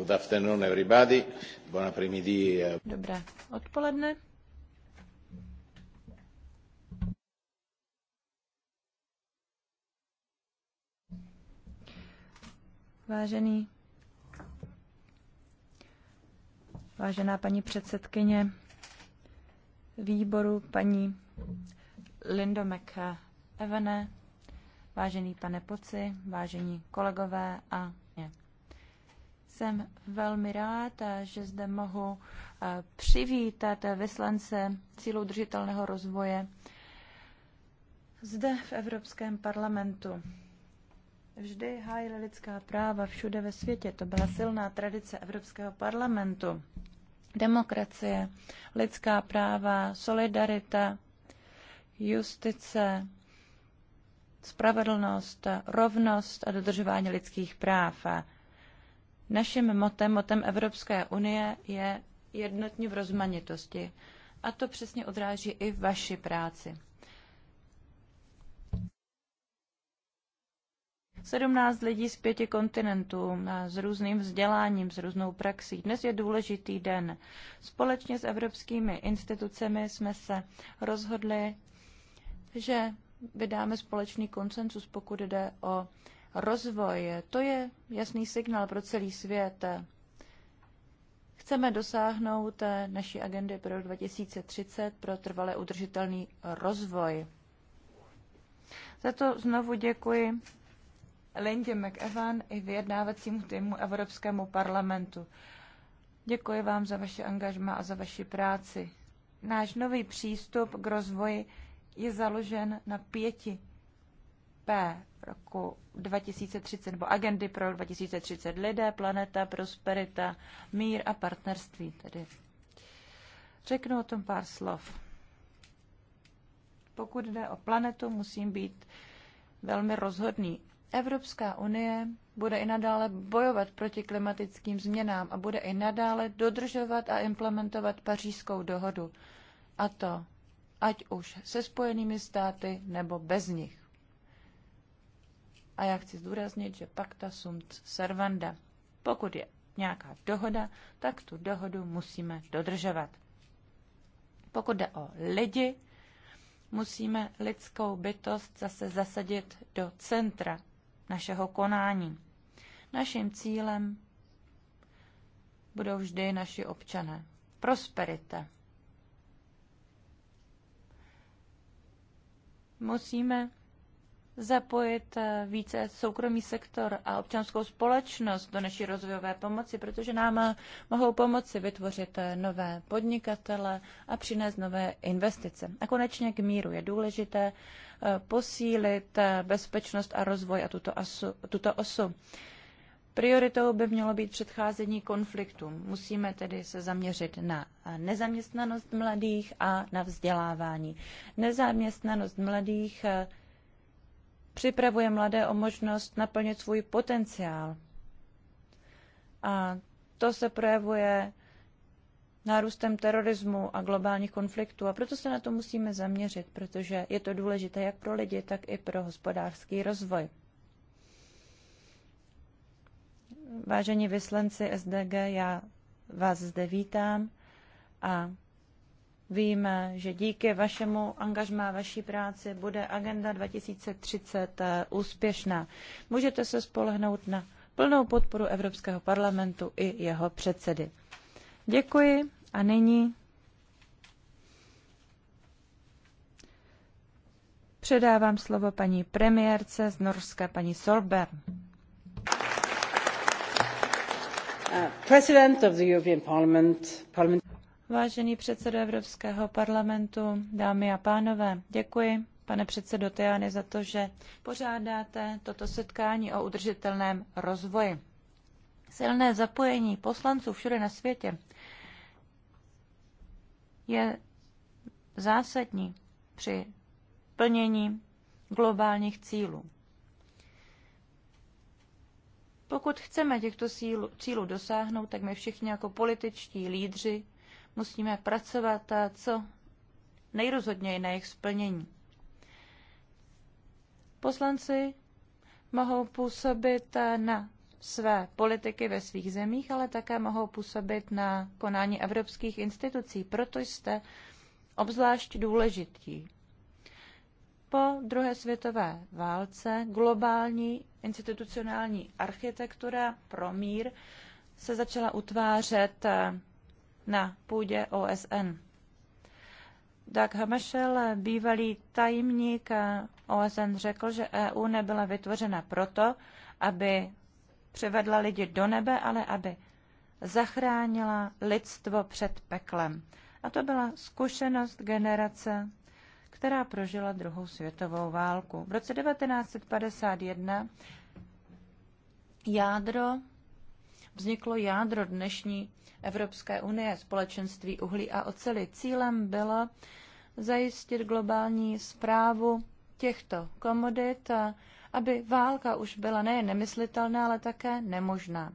Good afternoon, everybody. Bon après-midi. Eh. Dobré odpoledne. Vážený, vážená paní předsedkyně výboru, paní Lindo McEvene, vážený pane Poci, vážení kolegové a jsem velmi rád, eh, že zde mohu eh, přivítat eh, vyslance cílů držitelného rozvoje zde v Evropském parlamentu. Vždy hájili lidská práva všude ve světě. To byla silná tradice Evropského parlamentu. Demokracie, lidská práva, solidarita, justice, spravedlnost, rovnost a dodržování lidských práv. Naším motem, motem Evropské unie je jednotní v rozmanitosti. A to přesně odráží i vaši práci. 17 lidí z pěti kontinentů s různým vzděláním, s různou praxí. Dnes je důležitý den. Společně s evropskými institucemi jsme se rozhodli, že vydáme společný koncensus, pokud jde o rozvoj. To je jasný signál pro celý svět. Chceme dosáhnout naší agendy pro 2030 pro trvale udržitelný rozvoj. Za to znovu děkuji Lindě McEvan i vyjednávacímu týmu Evropskému parlamentu. Děkuji vám za vaše angažma a za vaši práci. Náš nový přístup k rozvoji je založen na pěti P roku 2030 nebo agendy pro 2030 lidé, planeta, prosperita, mír a partnerství tedy. Řeknu o tom pár slov. Pokud jde o planetu, musím být velmi rozhodný. Evropská unie bude i nadále bojovat proti klimatickým změnám a bude i nadále dodržovat a implementovat pařížskou dohodu. A to ať už se spojenými státy nebo bez nich. A já chci zdůraznit, že pacta sunt servanda. Pokud je nějaká dohoda, tak tu dohodu musíme dodržovat. Pokud jde o lidi, musíme lidskou bytost zase zasadit do centra našeho konání. Naším cílem budou vždy naši občané. Prosperita. Musíme zapojit eh, více soukromý sektor a občanskou společnost do naší rozvojové pomoci, protože nám eh, mohou pomoci vytvořit eh, nové podnikatele a přinést nové investice. A konečně k míru je důležité posílit bezpečnost a rozvoj a tuto, asu, tuto osu. Prioritou by mělo být předcházení konfliktům. Musíme tedy se zaměřit na nezaměstnanost mladých a na vzdělávání. Nezaměstnanost mladých připravuje mladé o možnost naplnit svůj potenciál. A to se projevuje nárůstem terorismu a globálních konfliktů. A proto se na to musíme zaměřit, protože je to důležité jak pro lidi, tak i pro hospodářský rozvoj. Vážení vyslanci SDG, já vás zde vítám a Víme, že díky vašemu angažmá, vaší práci bude Agenda 2030 eh, úspěšná. Můžete se spolehnout na plnou podporu Evropského parlamentu i jeho předsedy. Děkuji a nyní předávám slovo paní premiérce z Norska, paní Solberg. Uh, President of the European Parliament, Parliament Vážený předsedo Evropského parlamentu, dámy a pánové, děkuji, pane předsedo Tajany, za to, že pořádáte toto setkání o udržitelném rozvoji. Silné zapojení poslanců všude na světě je zásadní při plnění globálních cílů. Pokud chceme těchto cílů dosáhnout, tak my všichni jako političtí lídři musíme pracovat co nejrozhodněji na jejich splnění. Poslanci mohou působit na své politiky ve svých zemích, ale také mohou působit na konání evropských institucí. Proto jste obzvlášť důležití. Po druhé světové válce globální institucionální architektura pro mír se začala utvářet na půdě OSN. Doug Hammarskjöld, bývalý tajemník OSN, řekl, že EU nebyla vytvořena proto, aby přivedla lidi do nebe, ale aby zachránila lidstvo před peklem. A to byla zkušenost generace, která prožila druhou světovou válku. V roce 1951 jádro, vzniklo jádro dnešní Evropské unie, společenství uhlí a oceli. Cílem bylo zajistit globální zprávu těchto komodit, aby válka už byla nejen nemyslitelná, ale také nemožná.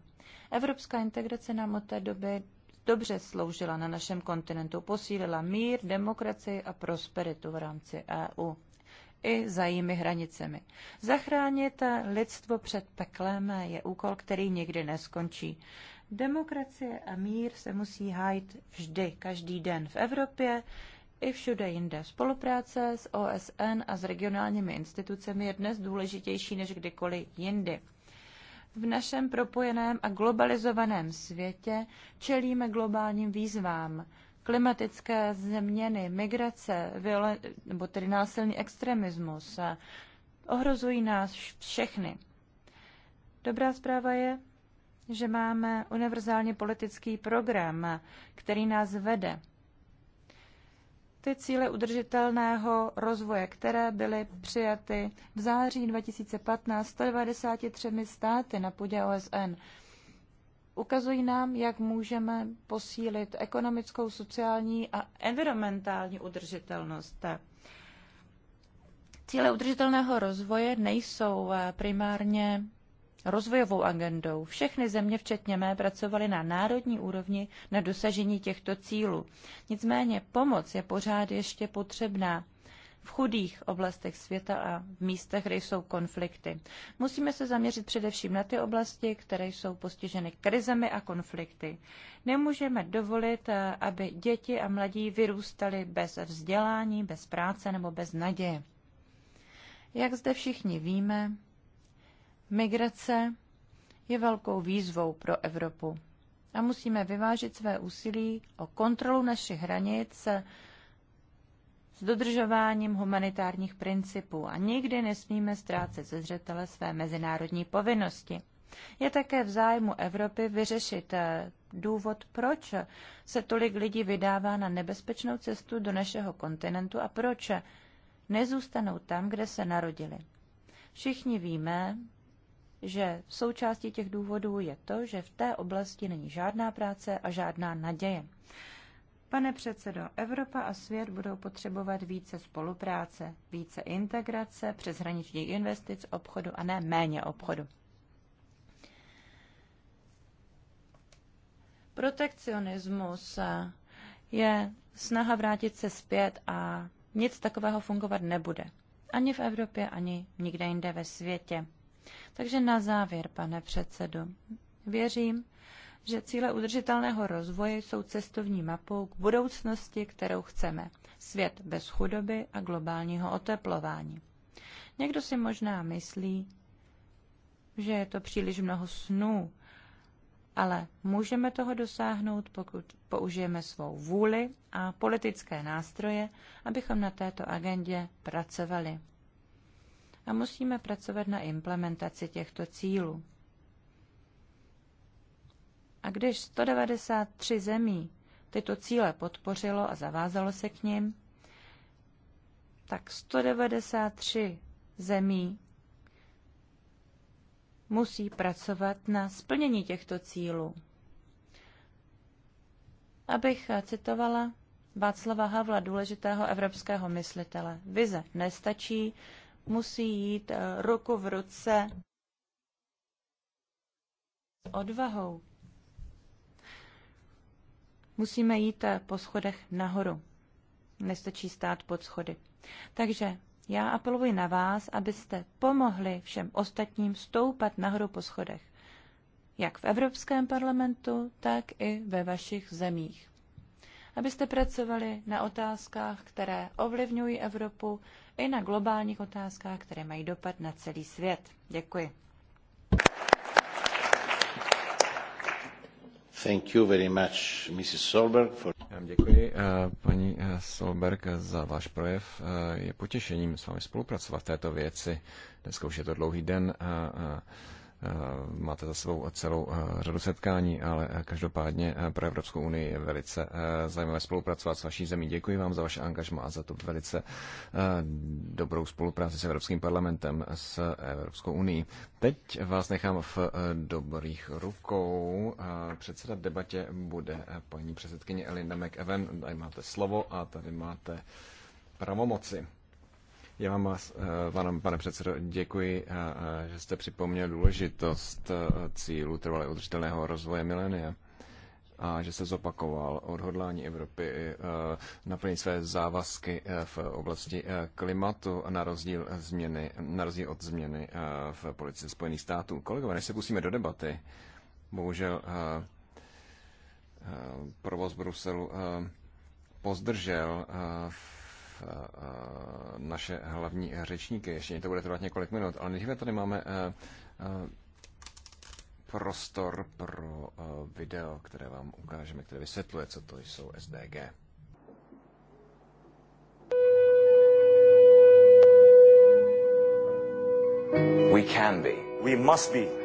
Evropská integrace nám od té doby dobře sloužila na našem kontinentu, posílila mír, demokracii a prosperitu v rámci EU i za jejími hranicemi. Zachránit lidstvo před peklem je úkol, který nikdy neskončí. Demokracie a mír se musí hájit vždy, každý den v Evropě i všude jinde. Spolupráce s OSN a s regionálními institucemi je dnes důležitější než kdykoliv jindy. V našem propojeném a globalizovaném světě čelíme globálním výzvám. Klimatické změny, migrace, viole, nebo tedy násilný extremismus ohrozují nás všechny. Dobrá zpráva je, že máme univerzálně politický program, který nás vede. Ty cíle udržitelného rozvoje, které byly přijaty v září 2015 193 státy na půdě OSN, ukazují nám, jak můžeme posílit ekonomickou, sociální a environmentální udržitelnost. Cíle udržitelného rozvoje nejsou eh, primárně rozvojovou agendou. Všechny země, včetně mé, pracovaly na národní úrovni na dosažení těchto cílů. Nicméně pomoc je pořád ještě potřebná v chudých oblastech světa a v místech, kde jsou konflikty. Musíme se zaměřit především na ty oblasti, které jsou postiženy krizemi a konflikty. Nemůžeme dovolit, aby děti a mladí vyrůstali bez vzdělání, bez práce nebo bez naděje. Jak zde všichni víme, Migrace je velkou výzvou pro Evropu a musíme vyvážit své úsilí o kontrolu našich hranic s dodržováním humanitárních principů a nikdy nesmíme ztrácet ze zřetele své mezinárodní povinnosti. Je také v zájmu Evropy vyřešit eh, důvod, proč se tolik lidí vydává na nebezpečnou cestu do našeho kontinentu a proč nezůstanou tam, kde se narodili. Všichni víme, že součástí těch důvodů je to, že v té oblasti není žádná práce a žádná naděje. Pane předsedo, Evropa a svět budou potřebovat více spolupráce, více integrace, přeshraničních investic, obchodu a ne méně obchodu. Protekcionismus je snaha vrátit se zpět a nic takového fungovat nebude. Ani v Evropě, ani nikde jinde ve světě. Takže na závěr, pane předsedo, věřím, že cíle udržitelného rozvoje jsou cestovní mapou k budoucnosti, kterou chceme. Svět bez chudoby a globálního oteplování. Někdo si možná myslí, že je to příliš mnoho snů, ale můžeme toho dosáhnout, pokud použijeme svou vůli a politické nástroje, abychom na této agendě pracovali a musíme pracovat na implementaci těchto cílů. A když 193 zemí tyto cíle podpořilo a zavázalo se k ním, tak 193 zemí musí pracovat na splnění těchto cílů. Abych citovala Václava Havla, důležitého evropského myslitele, vize nestačí, musí jít eh, ruku v ruce s odvahou. Musíme jít eh, po schodech nahoru. Nestačí stát pod schody. Takže já apeluji na vás, abyste pomohli všem ostatním stoupat nahoru po schodech. Jak v Evropském parlamentu, tak i ve vašich zemích abyste pracovali na otázkách, které ovlivňují Evropu, i na globálních otázkách, které mají dopad na celý svět. Děkuji. Thank you very much, Mrs. Solberg, for... Děkuji, eh, paní eh, Solberg, za váš projev. Eh, je potěšením s vámi spolupracovat v této věci. Dneska už je to dlouhý den a, a Eh, máte za sebou celou eh, řadu setkání, ale eh, každopádně pro Evropskou unii je velice zajímavé spolupracovat s vaší zemí. Děkuji vám za vaše angažma a za tu velice dobrou spolupráci s Evropským parlamentem, s Evropskou unii. Teď vás nechám v dobrých rukou. Předseda debatě bude paní předsedkyně Elinda McEwen. Tady máte slovo a tady máte pravomoci. Já eh, vám, pane předsedo, děkuji, eh, eh, že jste připomněl důležitost cílu trvalé udržitelného rozvoje milénia a že se zopakoval odhodlání Evropy naplnit své závazky v oblasti klimatu na rozdíl, změny, na rozdíl od změny v politice Spojených států. Kolegové, než se pustíme do debaty, bohužel provoz Bruselu pozdržel v Eh, naše hlavní řečníky. Ještě to bude trvat několik minut, ale nejdříve tady máme eh, eh, prostor pro video, které vám ukážeme, které vysvětluje, co to jsou SDG. We can be. We must be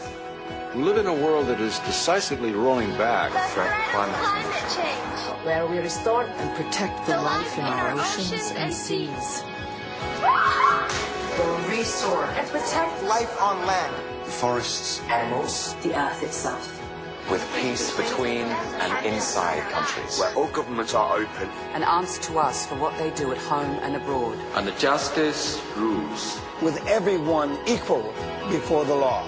We live in a world that is decisively rolling back from climate change, where we restore and protect the, the life in our oceans, oceans and seas. We'll restore and protect life on land, the forests, animals, the earth itself with peace between and inside countries. Where all governments are open. And answer to us for what they do at home and abroad. And the justice rules. With everyone equal before the law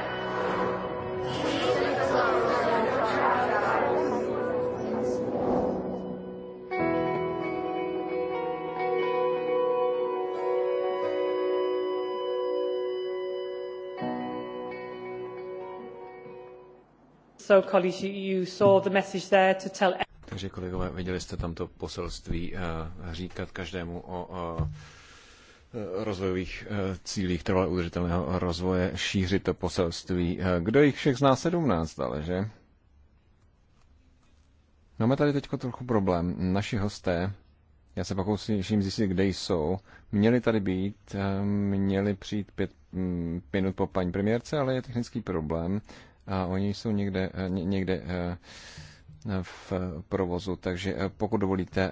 So, colleagues, you saw the message there to tell... Takže kolegové, viděli jste tam to poselství eh, říkat každému o eh, rozvojových eh, cílích trvale udržitelného rozvoje, šířit to poselství. Kdo jich všech zná 17, ale že? No, máme tady teď trochu problém. Naši hosté, já se pokusím zjistit, kde jsou, měli tady být, měli přijít pět mm, minut po paní premiérce, ale je technický problém a oni jsou někde, eh, někde eh, eh, v provozu, takže pokud dovolíte,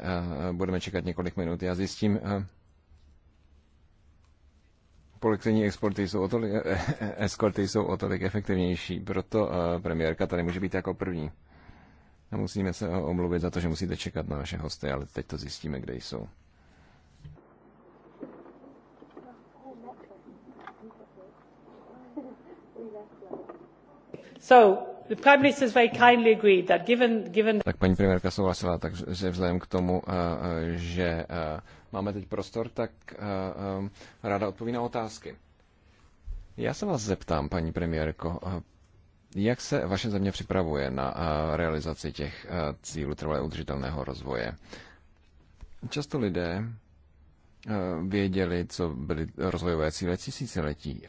budeme čekat několik minut. Já zjistím, policejní exporty jsou o tolik, eskorty jsou o tolik efektivnější, proto premiérka tady může být jako první. A musíme se omluvit za to, že musíte čekat na naše hosty, ale teď to zjistíme, kde jsou. Tak paní premiérka souhlasila, takže vzhledem k tomu, eh, eh, že eh, máme teď prostor, tak ráda odpoví na otázky. Já se vás zeptám, paní premiérko, jak se vaše země připravuje na realizaci těch cílů trvalé udržitelného rozvoje? Často lidé věděli, co byly rozvojové cíle tisíciletí.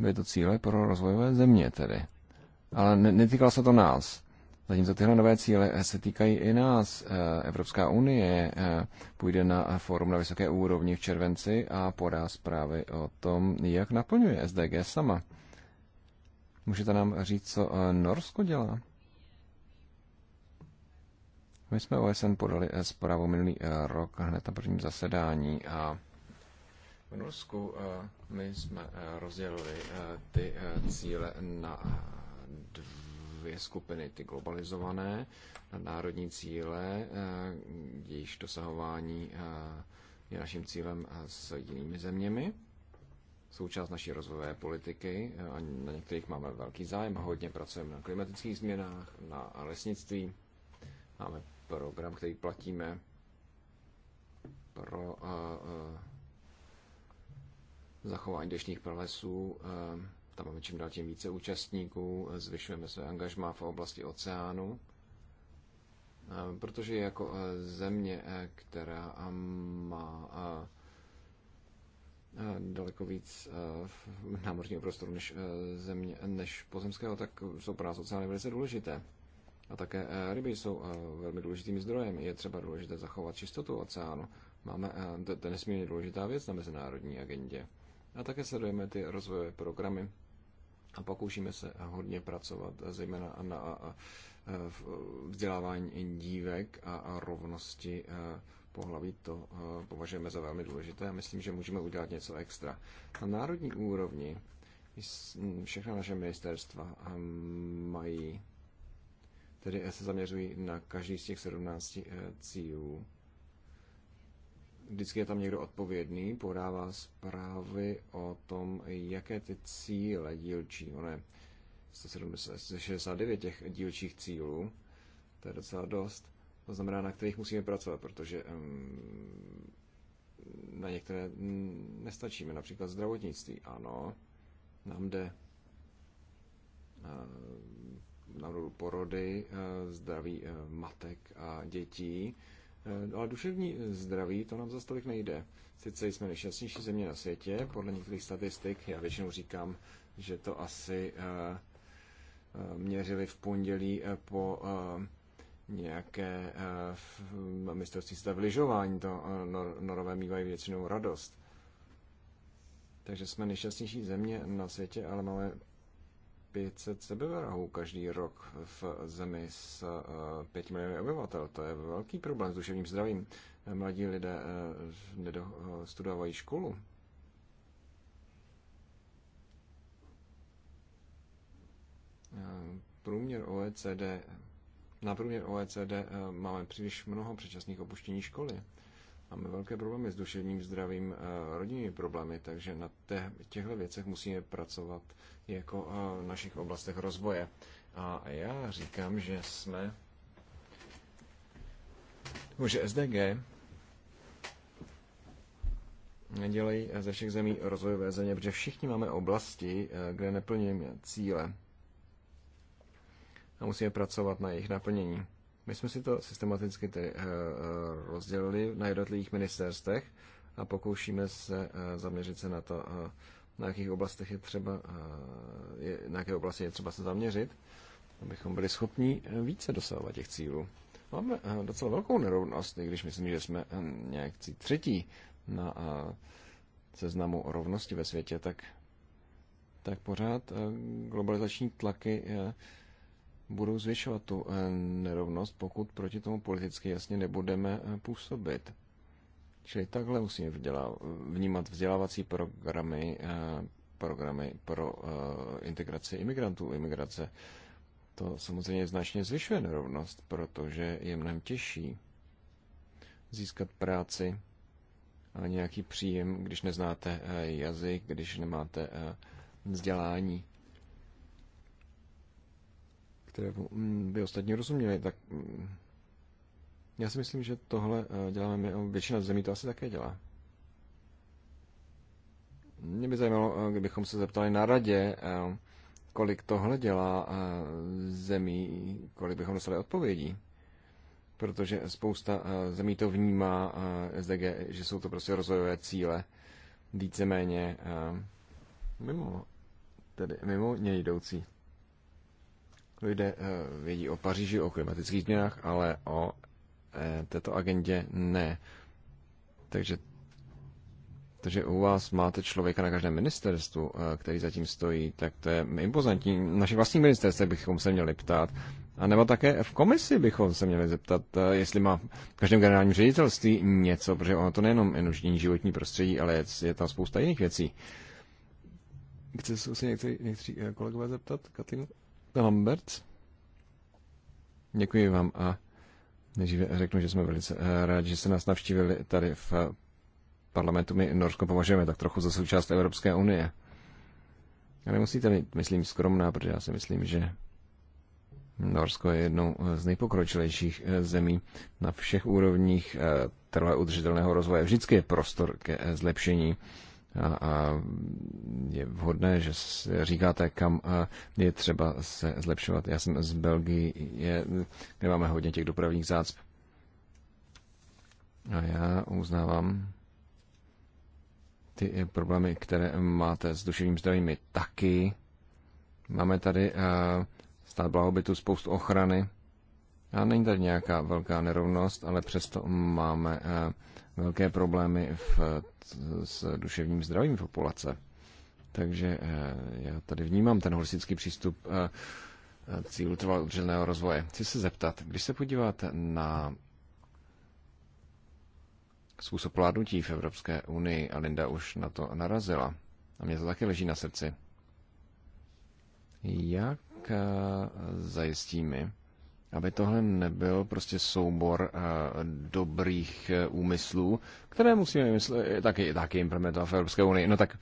Byly to cíle pro rozvojové země tedy. Ale netýkalo se to nás. Zatímco tyhle nové cíle se týkají i nás. Eh, Evropská unie eh, půjde na fórum na vysoké úrovni v červenci a podá zprávy o tom, jak naplňuje SDG sama. Můžete nám říct, co eh, Norsko dělá? My jsme OSN podali zprávu minulý rok hned na prvním zasedání a v Norsku my jsme e, rozdělili e, ty e, cíle na dvě skupiny, ty globalizované, národní cíle, jejichž dosahování je naším cílem s jinými zeměmi, součást naší rozvojové politiky a na některých máme velký zájem, hodně pracujeme na klimatických změnách, na lesnictví, máme program, který platíme pro uh, uh, zachování dešních pralesů. Eh, tam máme čím dál tím více účastníků, eh, zvyšujeme své angažmá v oblasti oceánu, eh, protože jako země, která má daleko víc námořního prostoru než, země, než pozemského, tak jsou pro nás oceány velice důležité. A také ryby jsou velmi důležitým zdrojem. Je třeba důležité zachovat čistotu oceánu. Máme, to, to je nesmírně důležitá věc na mezinárodní agendě. A také sledujeme ty rozvojové programy a pokoušíme se hodně pracovat, zejména na vzdělávání dívek a rovnosti eh, pohlaví. To eh, považujeme za velmi důležité a myslím, že můžeme udělat něco extra. Na národní úrovni všechna naše ministerstva eh, mají, tedy se zaměřují na každý z těch 17 cílů Vždycky je tam někdo odpovědný, podává zprávy o tom, jaké ty cíle dílčí, ono je 169 těch dílčích cílů, to je docela dost, to znamená, na kterých musíme pracovat, protože mm, na některé nestačíme, například zdravotnictví, ano, nám jde eh, na porody, eh, zdraví eh, matek a dětí, Eh, ale duševní eh, zdraví, to nám zase tolik nejde. Sice jsme nejšťastnější země na světě, podle některých statistik, já většinou říkám, že to asi eh, měřili v pondělí po nějaké mistrovství světa v lyžování, to norové mývají většinou radost. Takže jsme nejšťastnější země na světě, ale máme 500 sebevrahů každý rok v zemi s 5 eh, miliony obyvatel. To je velký problém s duševním zdravím. Mladí lidé eh, nedostudovají eh, školu. Průměr OECD, na průměr OECD máme příliš mnoho předčasných opuštění školy. Máme velké problémy s duševním zdravím, eh, rodinnými problémy, takže na těchto věcech musíme pracovat jako eh, v našich oblastech rozvoje. A já říkám, že jsme, že SDG nedělají ze všech zemí rozvojové země, protože všichni máme oblasti, eh, kde neplníme cíle a musíme pracovat na jejich naplnění. My jsme si to systematicky tedy eh, eh, rozdělili na jednotlivých ministerstech a pokoušíme se eh, zaměřit se na to, na jakých oblastech je třeba, na jaké oblasti je třeba se zaměřit, abychom byli schopni více dosahovat těch cílů. Máme docela velkou nerovnost, i když myslím, že jsme nějak třetí na seznamu rovnosti ve světě, tak, tak pořád globalizační tlaky budou zvyšovat tu eh, nerovnost, pokud proti tomu politicky jasně nebudeme eh, působit. Čili takhle musíme vnímat vzdělávací programy, eh, programy pro integraci imigrantů, imigrace. To samozřejmě značně zvyšuje nerovnost, protože je mnohem těžší získat práci a nějaký příjem, když neznáte jazyk, když nemáte vzdělání které by mm, ostatní rozuměli, tak mm, já si myslím, že tohle eh, děláme my, většina zemí to asi také dělá. Mě by zajímalo, eh, kdybychom se zeptali na radě, eh, kolik tohle dělá zemí, kolik bychom dostali odpovědí. Protože spousta zemí to vnímá, SDG, že jsou to prostě rozvojové cíle, víceméně mimo, tedy mimo něj jdoucí lidé eh, vědí o Paříži, o klimatických změnách, ale o eh, této agendě ne. Takže, takže u vás máte člověka na každém ministerstvu, eh, který zatím stojí, tak to je impozantní. Naše vlastní ministerstvo bychom se měli ptát, a nebo také v komisi bychom se měli zeptat, jestli má v každém generálním ředitelství něco, protože ono to nejenom enuždění životní prostředí, ale je, je tam spousta jiných věcí. Chce se někteří kolegové zeptat, Katinu? Lamberts. Děkuji vám a než řeknu, že jsme velice eh, rádi, že jste nás navštívili tady v eh, parlamentu. My Norsko považujeme tak trochu za součást Evropské unie. Ale musíte být, myslím, skromná, protože já si myslím, že Norsko je jednou eh, z nejpokročilejších zemí na všech úrovních trvale udržitelného rozvoje. Vždycky je prostor ke zlepšení a je vhodné, že říkáte, kam je třeba se zlepšovat. Já jsem z Belgii, je, kde máme hodně těch dopravních zácp. A já uznávám ty problémy, které máte s duševním zdravím, taky. Máme tady stát blahobytu, spoustu ochrany a není tady nějaká velká nerovnost, ale přesto máme eh, velké problémy v, s duševním zdravím populace. Takže eh, já tady vnímám ten holistický přístup eh, cílu trvalého udržitelného rozvoje. Chci se zeptat, když se podíváte na způsob vládnutí v Evropské unii, a Linda už na to narazila, a mě to taky leží na srdci, jak zajistíme, aby tohle nebyl prostě soubor eh, dobrých eh, úmyslů, které musíme myslet, eh, taky, taky implementovat v Evropské unii. No tak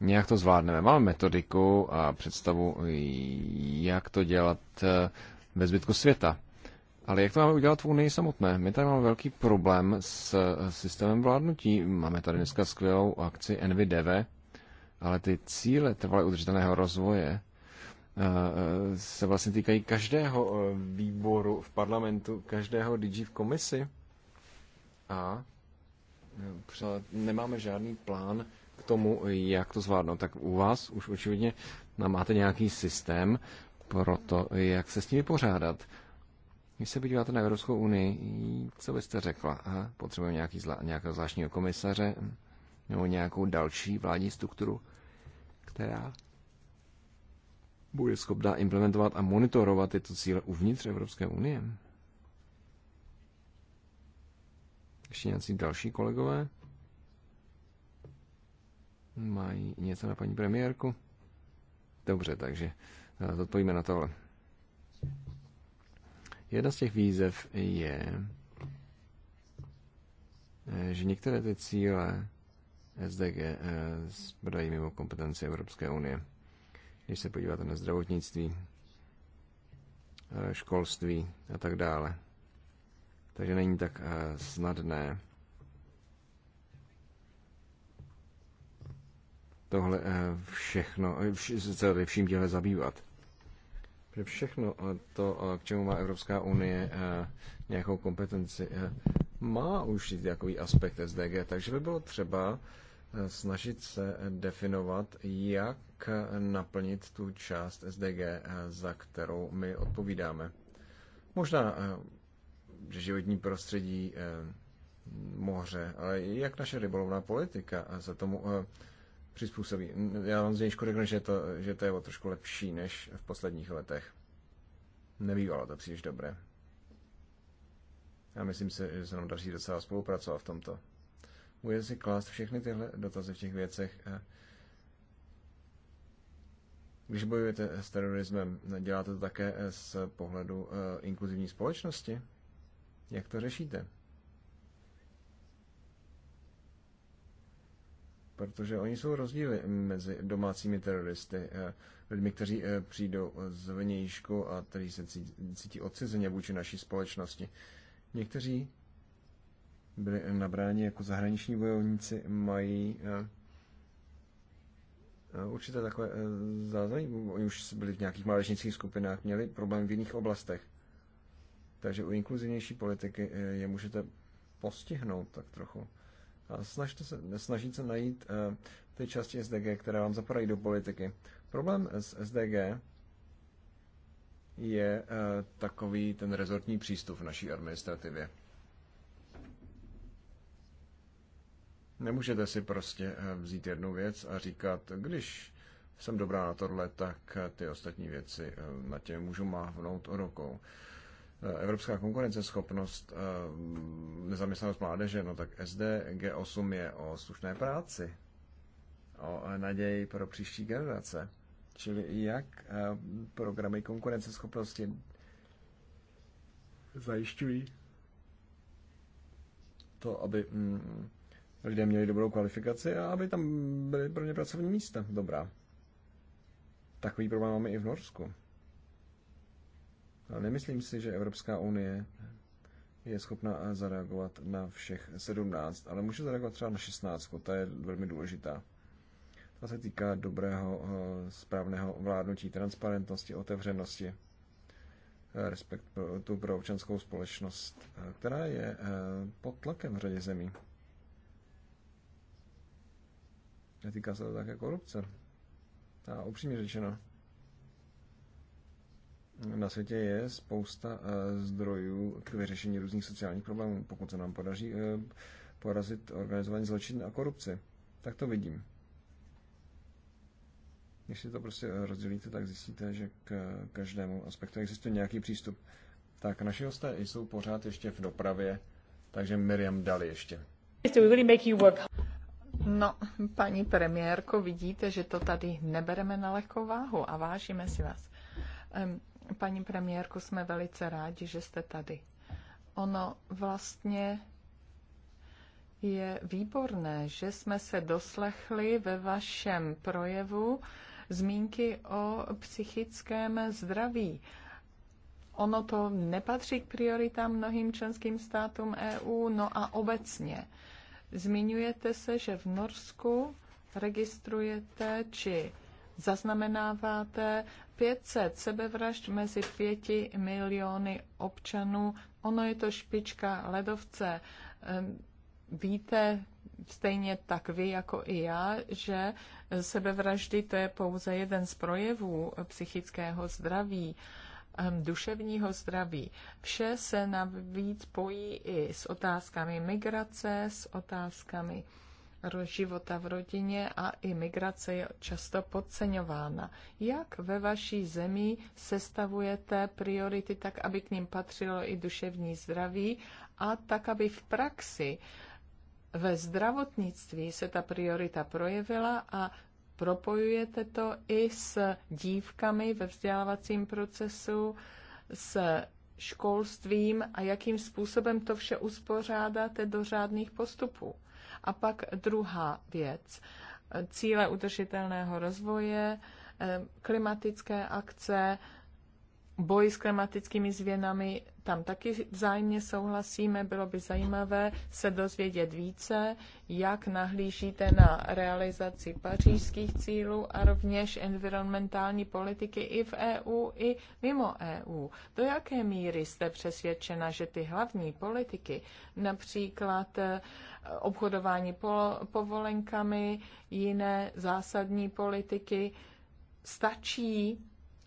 nějak to zvládneme. Máme metodiku a představu, jak to dělat ve zbytku světa. Ale jak to máme udělat v Unii samotné? My tady máme velký problém s systémem vládnutí. Máme tady dneska skvělou akci NVDV, ale ty cíle trvalé udržitelného rozvoje Eh, se vlastně týkají každého eh, výboru v parlamentu, každého DG v komisi. A eh, nemáme žádný plán k tomu, jak to zvládnout. Tak u vás už očividně máte nějaký systém pro to, jak se s tím pořádat. Když se podíváte na Evropskou unii, co byste řekla? Aha, potřebujeme nějaký zla, nějakého zvláštního komisaře nebo nějakou další vládní strukturu, která bude schopná implementovat a monitorovat tyto cíle uvnitř Evropské unie? Ještě nějací další kolegové? Mají něco na paní premiérku? Dobře, takže eh, odpovíme na tohle. Jedna z těch výzev je, eh, že některé ty cíle SDG eh, spadají mimo kompetenci Evropské unie když se podíváte na zdravotnictví, eh, školství a tak dále. Takže není tak eh, snadné tohle eh, všechno, se vším těhle zabývat. všechno to, k čemu má Evropská unie nějakou kompetenci, má už takový aspekt SDG, takže by bylo třeba snažit se definovat, jak naplnit tu část SDG, za kterou my odpovídáme. Možná, eh, že životní prostředí, eh, moře, ale jak naše rybolovná politika eh, se tomu přizpůsobí. Já vám z něj že to, že to je o trošku lepší než v posledních letech. Nebývalo to příliš dobré. Já myslím si, že se nám daří docela spolupracovat v tomto bude si klást všechny tyhle dotazy v těch věcech. Eh, když bojujete s terorismem, děláte to také eh, z pohledu eh, inkluzivní společnosti? Jak to řešíte? Protože oni jsou rozdíly mezi domácími teroristy, lidmi, kteří přijdou z vnějšku a kteří se cítí odcizeně vůči naší společnosti. Někteří byli nabráni jako zahraniční bojovníci, mají eh, eh, určité takové eh, zázemí. Oni už byli v nějakých mládežnických skupinách, měli problém v jiných oblastech. Takže u inkluzivnější politiky je můžete postihnout tak trochu. A snažte se, snažit se najít ty části SDG, které vám zapadají do politiky. Problém s SDG je takový ten rezortní přístup v naší administrativě. Nemůžete si prostě eh, vzít jednu věc a říkat, když jsem dobrá na tohle, tak eh, ty ostatní věci eh, na tě můžu mávnout rokou. Evropská konkurenceschopnost, nezaměstnanost mládeže, no tak SDG 8 je o slušné práci, o naději pro příští generace. Čili jak programy konkurenceschopnosti zajišťují to, aby mm, lidé měli dobrou kvalifikaci a aby tam byly pro ně pracovní místa dobrá. Takový problém máme i v Norsku. Ale nemyslím si, že Evropská unie je schopna zareagovat na všech 17, ale může zareagovat třeba na 16, to je velmi důležitá. To se týká dobrého, eh, správného vládnutí, transparentnosti, otevřenosti, eh, respektu pro občanskou společnost, eh, která je pod tlakem v řadě zemí. Netýká se to také korupce. A upřímně řečeno, na světě je spousta eh, zdrojů k vyřešení různých sociálních problémů, pokud se nám podaří eh, porazit organizovaný zločin a korupci. Tak to vidím. Když si to prostě rozdělíte, tak zjistíte, že k každému aspektu existuje nějaký přístup. Tak naši hosté jsou pořád ještě v dopravě, takže Miriam Dali ještě. No, paní premiérko, vidíte, že to tady nebereme na lehkou váhu a vážíme si vás. Paní premiérko, jsme velice rádi, že jste tady. Ono vlastně je výborné, že jsme se doslechli ve vašem projevu zmínky o psychickém zdraví. Ono to nepatří k prioritám mnohým členským státům EU, no a obecně Zmiňujete se, že v Norsku registrujete či zaznamenáváte 500 sebevražd mezi 5 miliony občanů. Ono je to špička ledovce. Víte stejně tak vy jako i já, že sebevraždy to je pouze jeden z projevů psychického zdraví. Ehm, duševního zdraví. Vše se navíc pojí i s otázkami migrace, s otázkami života v rodině a i migrace je často podceňována. Jak ve vaší zemi sestavujete priority tak, aby k ním patřilo i duševní zdraví a tak, aby v praxi ve zdravotnictví se ta priorita projevila a propojujete to i s dívkami ve vzdělávacím procesu, s školstvím a jakým způsobem to vše uspořádáte do řádných postupů. A pak druhá věc. Cíle udržitelného rozvoje, eh, klimatické akce, boj s klimatickými změnami, tam taky vzájemně souhlasíme. Bylo by zajímavé se dozvědět více, jak nahlížíte na realizaci pařížských cílů a rovněž environmentální politiky i v EU, i mimo EU. Do jaké míry jste přesvědčena, že ty hlavní politiky, například eh, obchodování povolenkami, jiné zásadní politiky, stačí,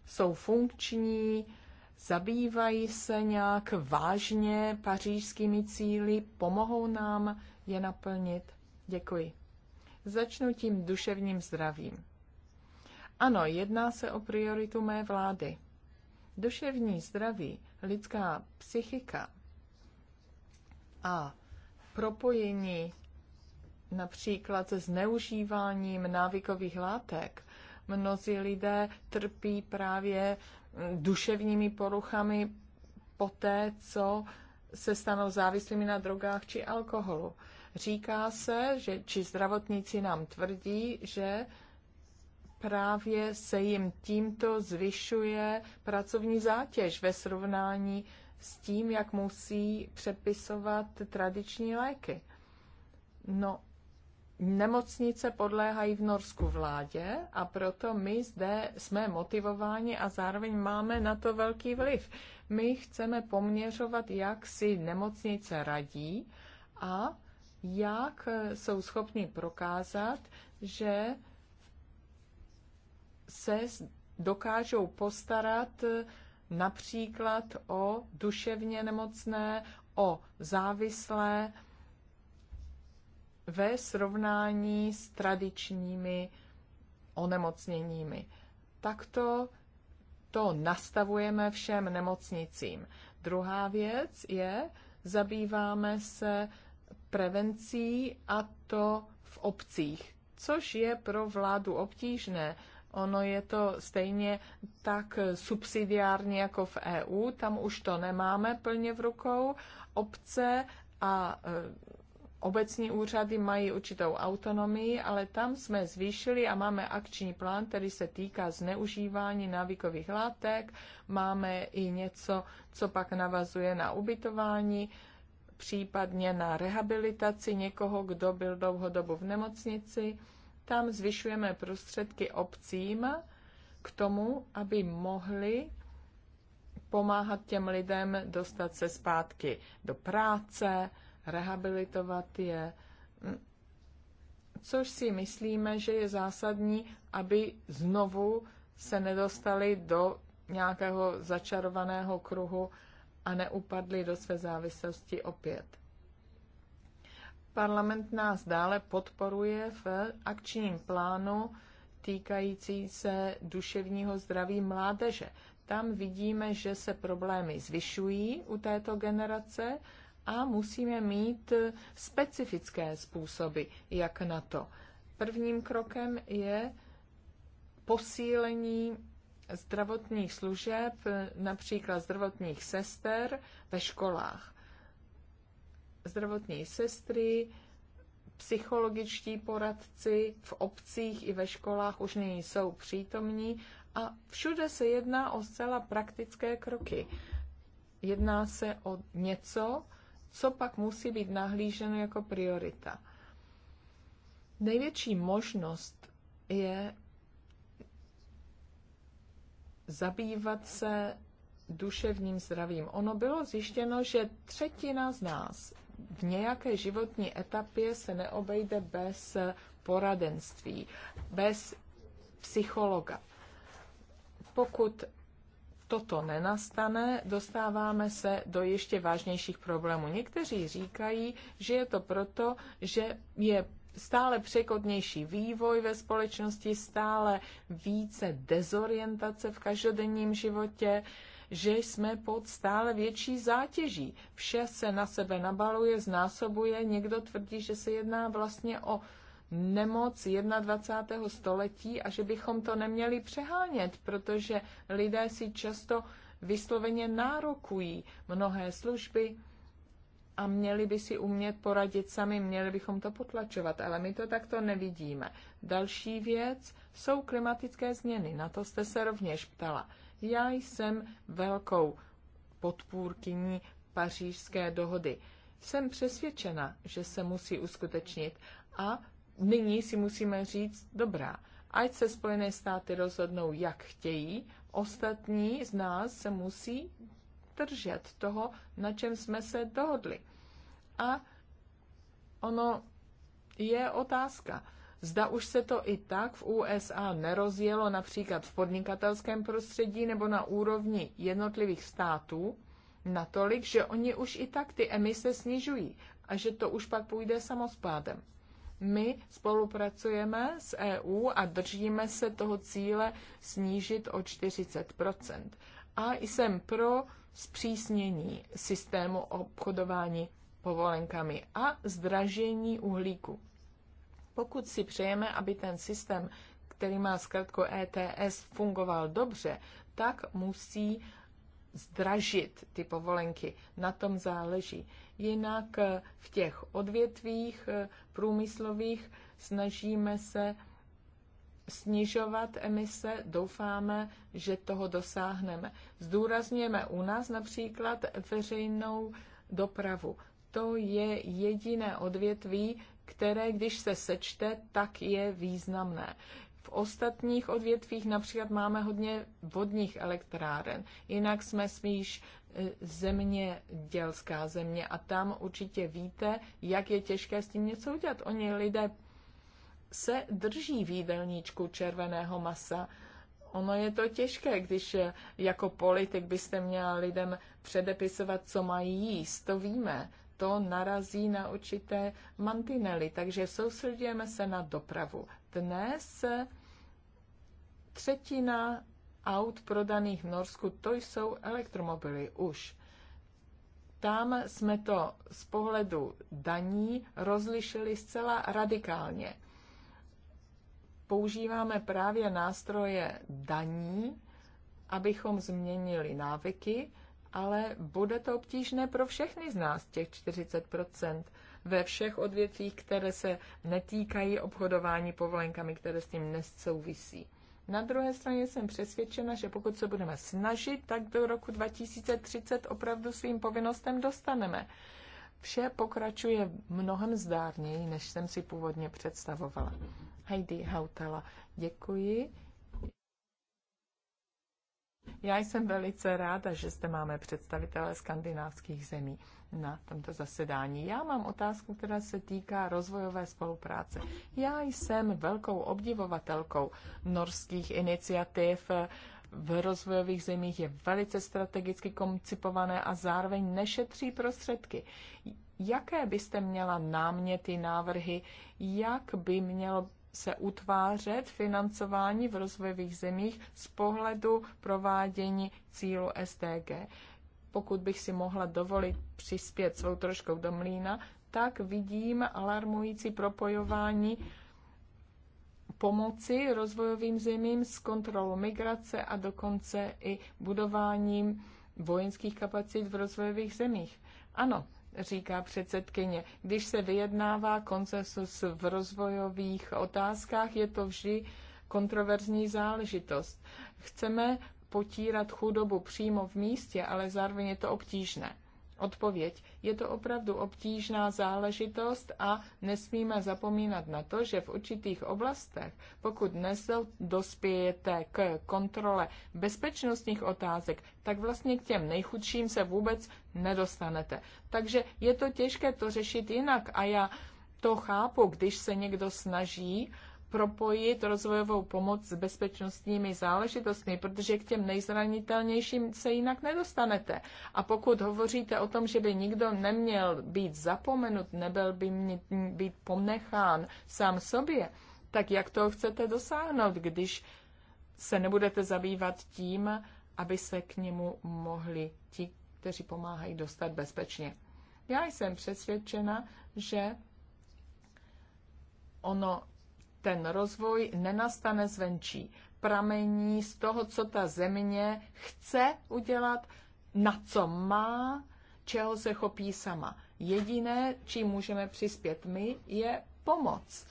jsou funkční, Zabývají se nějak vážně pařížskými cíly, pomohou nám je naplnit? Děkuji. Začnu tím duševním zdravím. Ano, jedná se o prioritu mé vlády. Duševní zdraví, lidská psychika a propojení například se zneužíváním návykových látek. Mnozí lidé trpí právě duševními poruchami poté, co se stanou závislými na drogách či alkoholu. Říká se, že či zdravotníci nám tvrdí, že právě se jim tímto zvyšuje pracovní zátěž ve srovnání s tím, jak musí přepisovat tradiční léky. No Nemocnice podléhají v Norsku vládě a proto my zde jsme motivováni a zároveň máme na to velký vliv. My chceme poměřovat, jak si nemocnice radí a jak jsou schopni prokázat, že se dokážou postarat například o duševně nemocné, o závislé, ve srovnání s tradičními onemocněními. Takto to nastavujeme všem nemocnicím. Druhá věc je, zabýváme se prevencí a to v obcích, což je pro vládu obtížné. Ono je to stejně tak subsidiárně jako v EU, tam už to nemáme plně v rukou. Obce a e, Obecní úřady mají určitou autonomii, ale tam jsme zvýšili a máme akční plán, který se týká zneužívání návykových látek. Máme i něco, co pak navazuje na ubytování, případně na rehabilitaci někoho, kdo byl dlouhodobu v nemocnici. Tam zvyšujeme prostředky obcím k tomu, aby mohli pomáhat těm lidem dostat se zpátky do práce, rehabilitovat je, mm. což si myslíme, že je zásadní, aby znovu se nedostali do nějakého začarovaného kruhu a neupadli do své závislosti opět. Parlament nás dále podporuje v akčním plánu týkající se duševního zdraví mládeže. Tam vidíme, že se problémy zvyšují u této generace, a musíme mít specifické způsoby, jak na to. Prvním krokem je posílení zdravotních služeb, například zdravotních sester ve školách. Zdravotní sestry, psychologičtí poradci v obcích i ve školách už nyní jsou přítomní a všude se jedná o zcela praktické kroky. Jedná se o něco, co pak musí být nahlíženo jako priorita. Největší možnost je zabývat se duševním zdravím. Ono bylo zjištěno, že třetina z nás v nějaké životní etapě se neobejde bez poradenství, bez psychologa. Pokud toto nenastane, dostáváme se do ještě vážnějších problémů. Někteří říkají, že je to proto, že je stále překodnější vývoj ve společnosti, stále více dezorientace v každodenním životě, že jsme pod stále větší zátěží. Vše se na sebe nabaluje, znásobuje, někdo tvrdí, že se jedná vlastně o nemoc 21. století a že bychom to neměli přehánět, protože lidé si často vysloveně nárokují mnohé služby a měli by si umět poradit sami, měli bychom to potlačovat, ale my to takto nevidíme. Další věc jsou klimatické změny, na to jste se rovněž ptala. Já jsem velkou podpůrkyní pařížské dohody. Jsem přesvědčena, že se musí uskutečnit a nyní si musíme říct, dobrá, ať se Spojené státy rozhodnou, jak chtějí, ostatní z nás se musí držet toho, na čem jsme se dohodli. A ono je otázka. Zda už se to i tak v USA nerozjelo například v podnikatelském prostředí nebo na úrovni jednotlivých států natolik, že oni už i tak ty emise snižují a že to už pak půjde samozpádem. My spolupracujeme s EU a držíme se toho cíle snížit o 40 A jsem pro zpřísnění systému obchodování povolenkami a zdražení uhlíku. Pokud si přejeme, aby ten systém, který má zkrátku ETS, fungoval dobře, tak musí zdražit ty povolenky. Na tom záleží. Jinak eh, v těch odvětvích eh, průmyslových snažíme se snižovat emise, doufáme, že toho dosáhneme. Zdůrazňujeme u nás například veřejnou dopravu. To je jediné odvětví, které, když se sečte, tak je významné. V ostatních odvětvích například máme hodně vodních elektráren, jinak jsme smíš e, země, dělská země a tam určitě víte, jak je těžké s tím něco udělat. Oni lidé se drží v jídelníčku červeného masa. Ono je to těžké, když e, jako politik byste měla lidem předepisovat, co mají jíst. To víme. To narazí na určité mantinely. Takže soustředíme se na dopravu. Dnes třetina aut prodaných v Norsku, to jsou elektromobily už. Tam jsme to z pohledu daní rozlišili zcela radikálně. Používáme právě nástroje daní, abychom změnili návyky, ale bude to obtížné pro všechny z nás, těch 40 ve všech odvětvích, které se netýkají obchodování povolenkami, které s tím nesouvisí. Na druhé straně jsem přesvědčena, že pokud se budeme snažit, tak do roku 2030 opravdu svým povinnostem dostaneme. Vše pokračuje mnohem zdárněji, než jsem si původně představovala. Heidi Hautala, děkuji. Já jsem velice ráda, že zde máme představitele skandinávských zemí na tomto zasedání. Já mám otázku, která se týká rozvojové spolupráce. Já jsem velkou obdivovatelkou norských iniciativ. V rozvojových zemích je velice strategicky koncipované a zároveň nešetří prostředky. Jaké byste měla náměty, návrhy, jak by mělo se utvářet financování v rozvojových zemích z pohledu provádění cílu SDG pokud bych si mohla dovolit přispět svou troškou do mlína, tak vidím alarmující propojování pomoci rozvojovým zemím s kontrolou migrace a dokonce i budováním vojenských kapacit v rozvojových zemích. Ano, říká předsedkyně, když se vyjednává koncesus v rozvojových otázkách, je to vždy kontroverzní záležitost. Chceme potírat chudobu přímo v místě, ale zároveň je to obtížné. Odpověď. Je to opravdu obtížná záležitost a nesmíme zapomínat na to, že v určitých oblastech, pokud dospějete k kontrole bezpečnostních otázek, tak vlastně k těm nejchudším se vůbec nedostanete. Takže je to těžké to řešit jinak a já to chápu, když se někdo snaží uh, propojit rozvojovou pomoc s bezpečnostními záležitostmi, protože k těm nejzranitelnějším se jinak nedostanete. A pokud hovoříte o tom, že by nikdo neměl být zapomenut, nebyl by mít být ponechán sám sobě, tak jak to chcete dosáhnout, když se nebudete zabývat tím, aby se k němu mohli ti, kteří pomáhají, dostat bezpečně. Já jsem přesvědčena, že ono ten rozvoj nenastane zvenčí. Pramení z toho, co ta země chce udělat, na co má, čeho se chopí sama. Jediné, čím můžeme přispět my, je pomoc.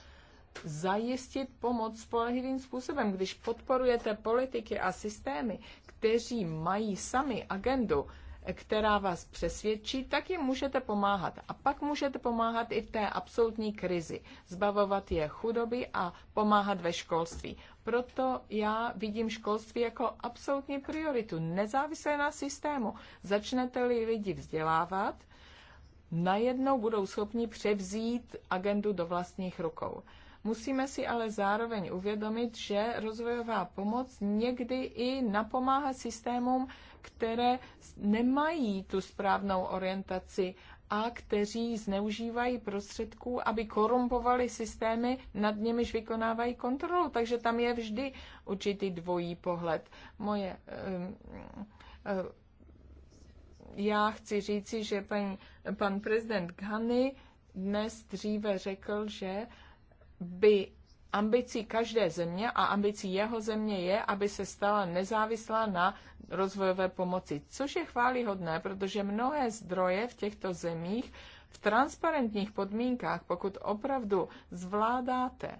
Zajistit pomoc spolehlivým způsobem. Když podporujete politiky a systémy, kteří mají sami agendu, která vás přesvědčí, tak jim můžete pomáhat. A pak můžete pomáhat i v té absolutní krizi. Zbavovat je chudoby a pomáhat ve školství. Proto já vidím školství jako absolutní prioritu, nezávisle na systému. Začnete-li lidi vzdělávat, najednou budou schopni převzít agendu do vlastních rukou. Musíme si ale zároveň uvědomit, že rozvojová pomoc někdy i napomáhá systémům, které nemají tu správnou orientaci a kteří zneužívají prostředků, aby korumpovali systémy, nad nimiž vykonávají kontrolu. Takže tam je vždy určitý dvojí pohled. Moje, já chci říci, že paní, pan prezident Ghany dnes dříve řekl, že by ambicí každé země a ambicí jeho země je, aby se stala nezávislá na rozvojové pomoci, což je chválihodné, protože mnohé zdroje v těchto zemích v transparentních podmínkách, pokud opravdu zvládáte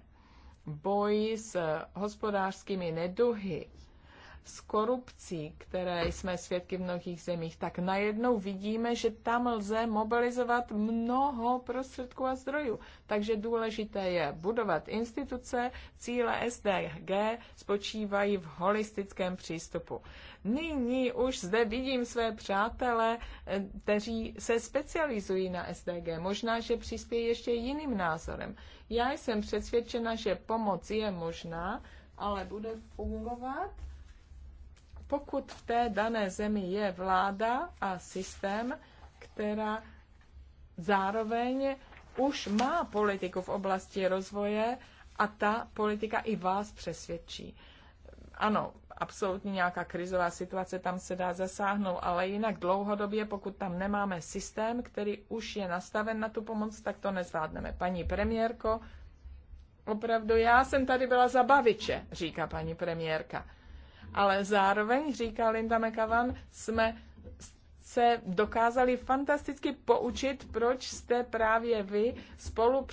boj s hospodářskými neduhy, s korupcí, které jsme svědky v mnohých zemích, tak najednou vidíme, že tam lze mobilizovat mnoho prostředků a zdrojů. Takže důležité je budovat instituce, cíle SDG spočívají v holistickém přístupu. Nyní už zde vidím své přátele, eh, kteří se specializují na SDG. Možná, že přispějí ještě jiným názorem. Já jsem přesvědčena, že pomoc je možná, ale bude fungovat pokud v té dané zemi je vláda a systém, která zároveň už má politiku v oblasti rozvoje a ta politika i vás přesvědčí. Ano, absolutně nějaká krizová situace tam se dá zasáhnout, ale jinak dlouhodobě, pokud tam nemáme systém, který už je nastaven na tu pomoc, tak to nezvládneme. Paní premiérko, opravdu já jsem tady byla za baviče, říká paní premiérka. Ale zároveň, říká Linda McAvan, jsme se dokázali fantasticky poučit, proč jste právě vy spolu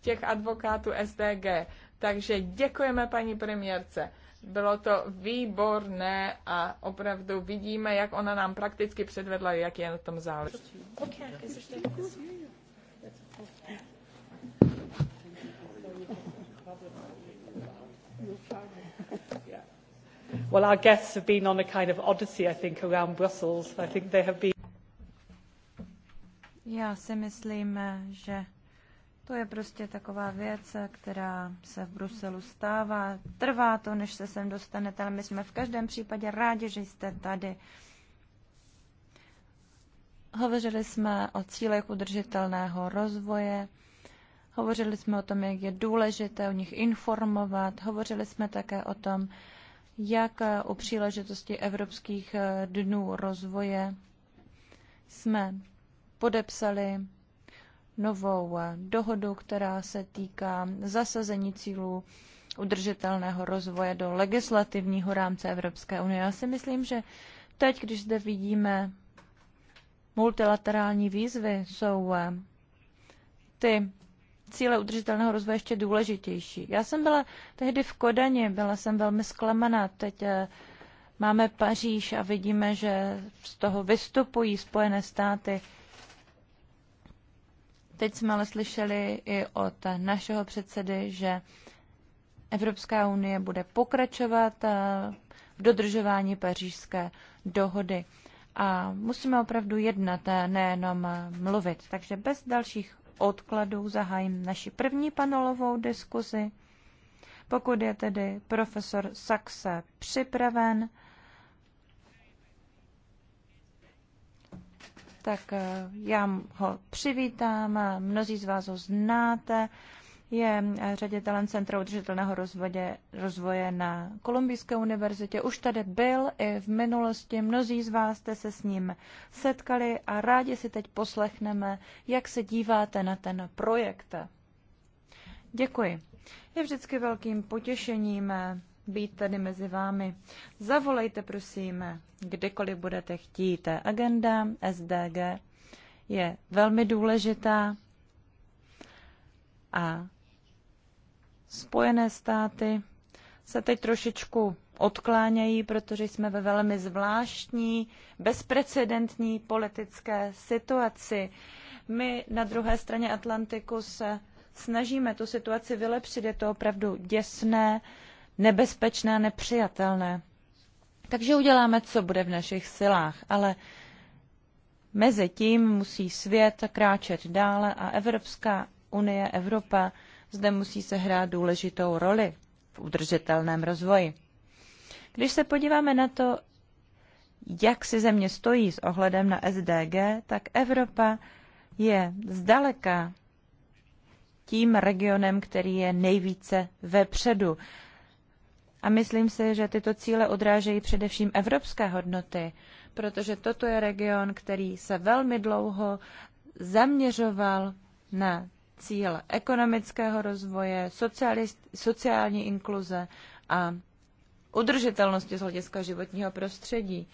těch advokátů SDG. Takže děkujeme paní premiérce. Bylo to výborné a opravdu vidíme, jak ona nám prakticky předvedla, jak je na tom záleží. Okay. Well, our guests have been on a kind of odyssey, I think, around Brussels. I think they have been... Já si myslím, že to je prostě taková věc, která se v Bruselu stává. Trvá to, než se sem dostanete, ale my jsme v každém případě rádi, že jste tady. Hovořili jsme o cílech udržitelného rozvoje, hovořili jsme o tom, jak je důležité o nich informovat, hovořili jsme také o tom, jak eh, u příležitosti Evropských eh, dnů rozvoje jsme podepsali novou eh, dohodu, která se týká zasazení cílů udržitelného rozvoje do legislativního rámce Evropské unie. Já si myslím, že teď, když zde vidíme multilaterální výzvy, jsou ty cíle udržitelného rozvoje ještě důležitější. Já jsem byla tehdy v Kodani, byla jsem velmi zklamaná. Teď eh, máme Paříž a vidíme, že z toho vystupují Spojené státy. Teď jsme ale slyšeli i od našeho předsedy, že Evropská unie bude pokračovat eh, v dodržování pařížské dohody. A musíme opravdu jednat, eh, nejenom mluvit. Takže bez dalších Odkladu zahájím naši první panelovou diskuzi. Pokud je tedy profesor Saxe připraven, tak eh, já ho přivítám. Mnozí z vás ho znáte je eh, ředitelem Centra udržitelného rozvoje, rozvoje na Kolumbijské univerzitě. Už tady byl i v minulosti. Mnozí z vás jste se s ním setkali a rádi si teď poslechneme, jak se díváte na ten projekt. Děkuji. Je vždycky velkým potěšením eh, být tady mezi vámi. Zavolejte, prosím, kdykoliv budete chtít. Agenda SDG je velmi důležitá a Spojené státy se teď trošičku odklánějí, protože jsme ve velmi zvláštní, bezprecedentní politické situaci. My na druhé straně Atlantiku se snažíme tu situaci vylepšit. Je to opravdu děsné, nebezpečné a nepřijatelné. Takže uděláme, co bude v našich silách, ale mezi tím musí svět kráčet dále a Evropská unie, Evropa zde musí se hrát důležitou roli v udržitelném rozvoji. Když se podíváme na to, jak si země stojí s ohledem na SDG, tak Evropa je zdaleka tím regionem, který je nejvíce vepředu. A myslím si, že tyto cíle odrážejí především evropské hodnoty, protože toto je region, který se velmi dlouho zaměřoval na cíl ekonomického rozvoje, sociální inkluze a udržitelnosti z hlediska životního prostředí.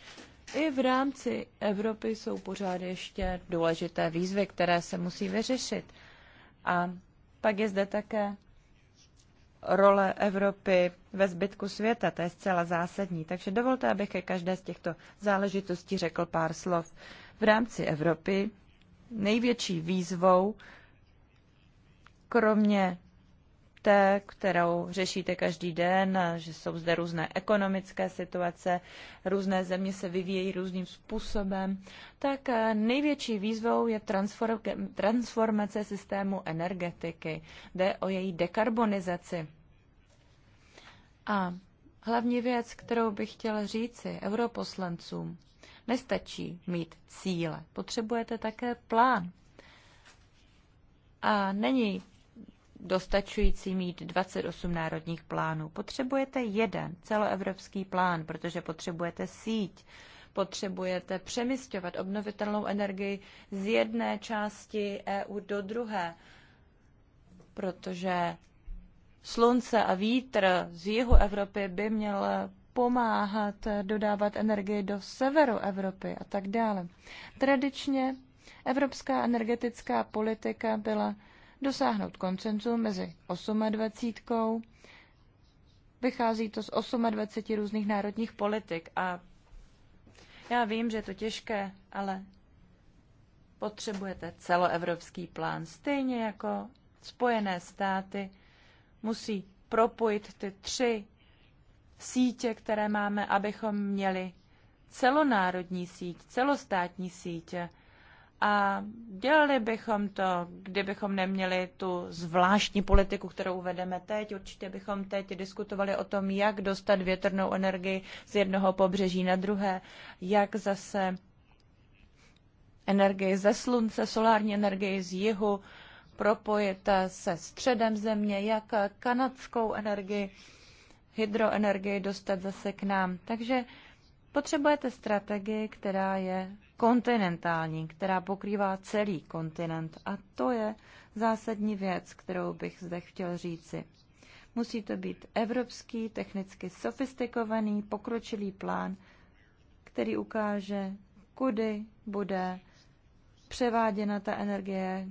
I v rámci Evropy jsou pořád ještě důležité výzvy, které se musí vyřešit. A pak je zde také role Evropy ve zbytku světa, to je zcela zásadní. Takže dovolte, abych ke každé z těchto záležitostí řekl pár slov. V rámci Evropy největší výzvou kromě té, kterou řešíte každý den, že jsou zde různé ekonomické situace, různé země se vyvíjejí různým způsobem, tak eh, největší výzvou je transformace systému energetiky. Jde o její dekarbonizaci. A hlavní věc, kterou bych chtěl říci europoslancům, nestačí mít cíle. Potřebujete také plán. A není dostačující mít 28 národních plánů. Potřebujete jeden celoevropský plán, protože potřebujete síť, potřebujete přemysťovat obnovitelnou energii z jedné části EU do druhé, protože slunce a vítr z jihu Evropy by měl pomáhat dodávat energii do severu Evropy a tak dále. Tradičně evropská energetická politika byla dosáhnout koncenzu mezi 28. Vychází to z 28 různých národních politik a já vím, že je to těžké, ale potřebujete celoevropský plán. Stejně jako Spojené státy musí propojit ty tři sítě, které máme, abychom měli celonárodní síť, celostátní sítě a dělali bychom to, kdybychom neměli tu zvláštní politiku, kterou vedeme teď. Určitě bychom teď diskutovali o tom, jak dostat větrnou energii z jednoho pobřeží na druhé, jak zase energii ze slunce, solární energii z jihu propojit se středem země, jak kanadskou energii, hydroenergii dostat zase k nám. Takže potřebujete strategii, která je kontinentální, která pokrývá celý kontinent. A to je zásadní věc, kterou bych zde chtěl říci. Musí to být evropský, technicky sofistikovaný, pokročilý plán, který ukáže, kudy bude převáděna ta energie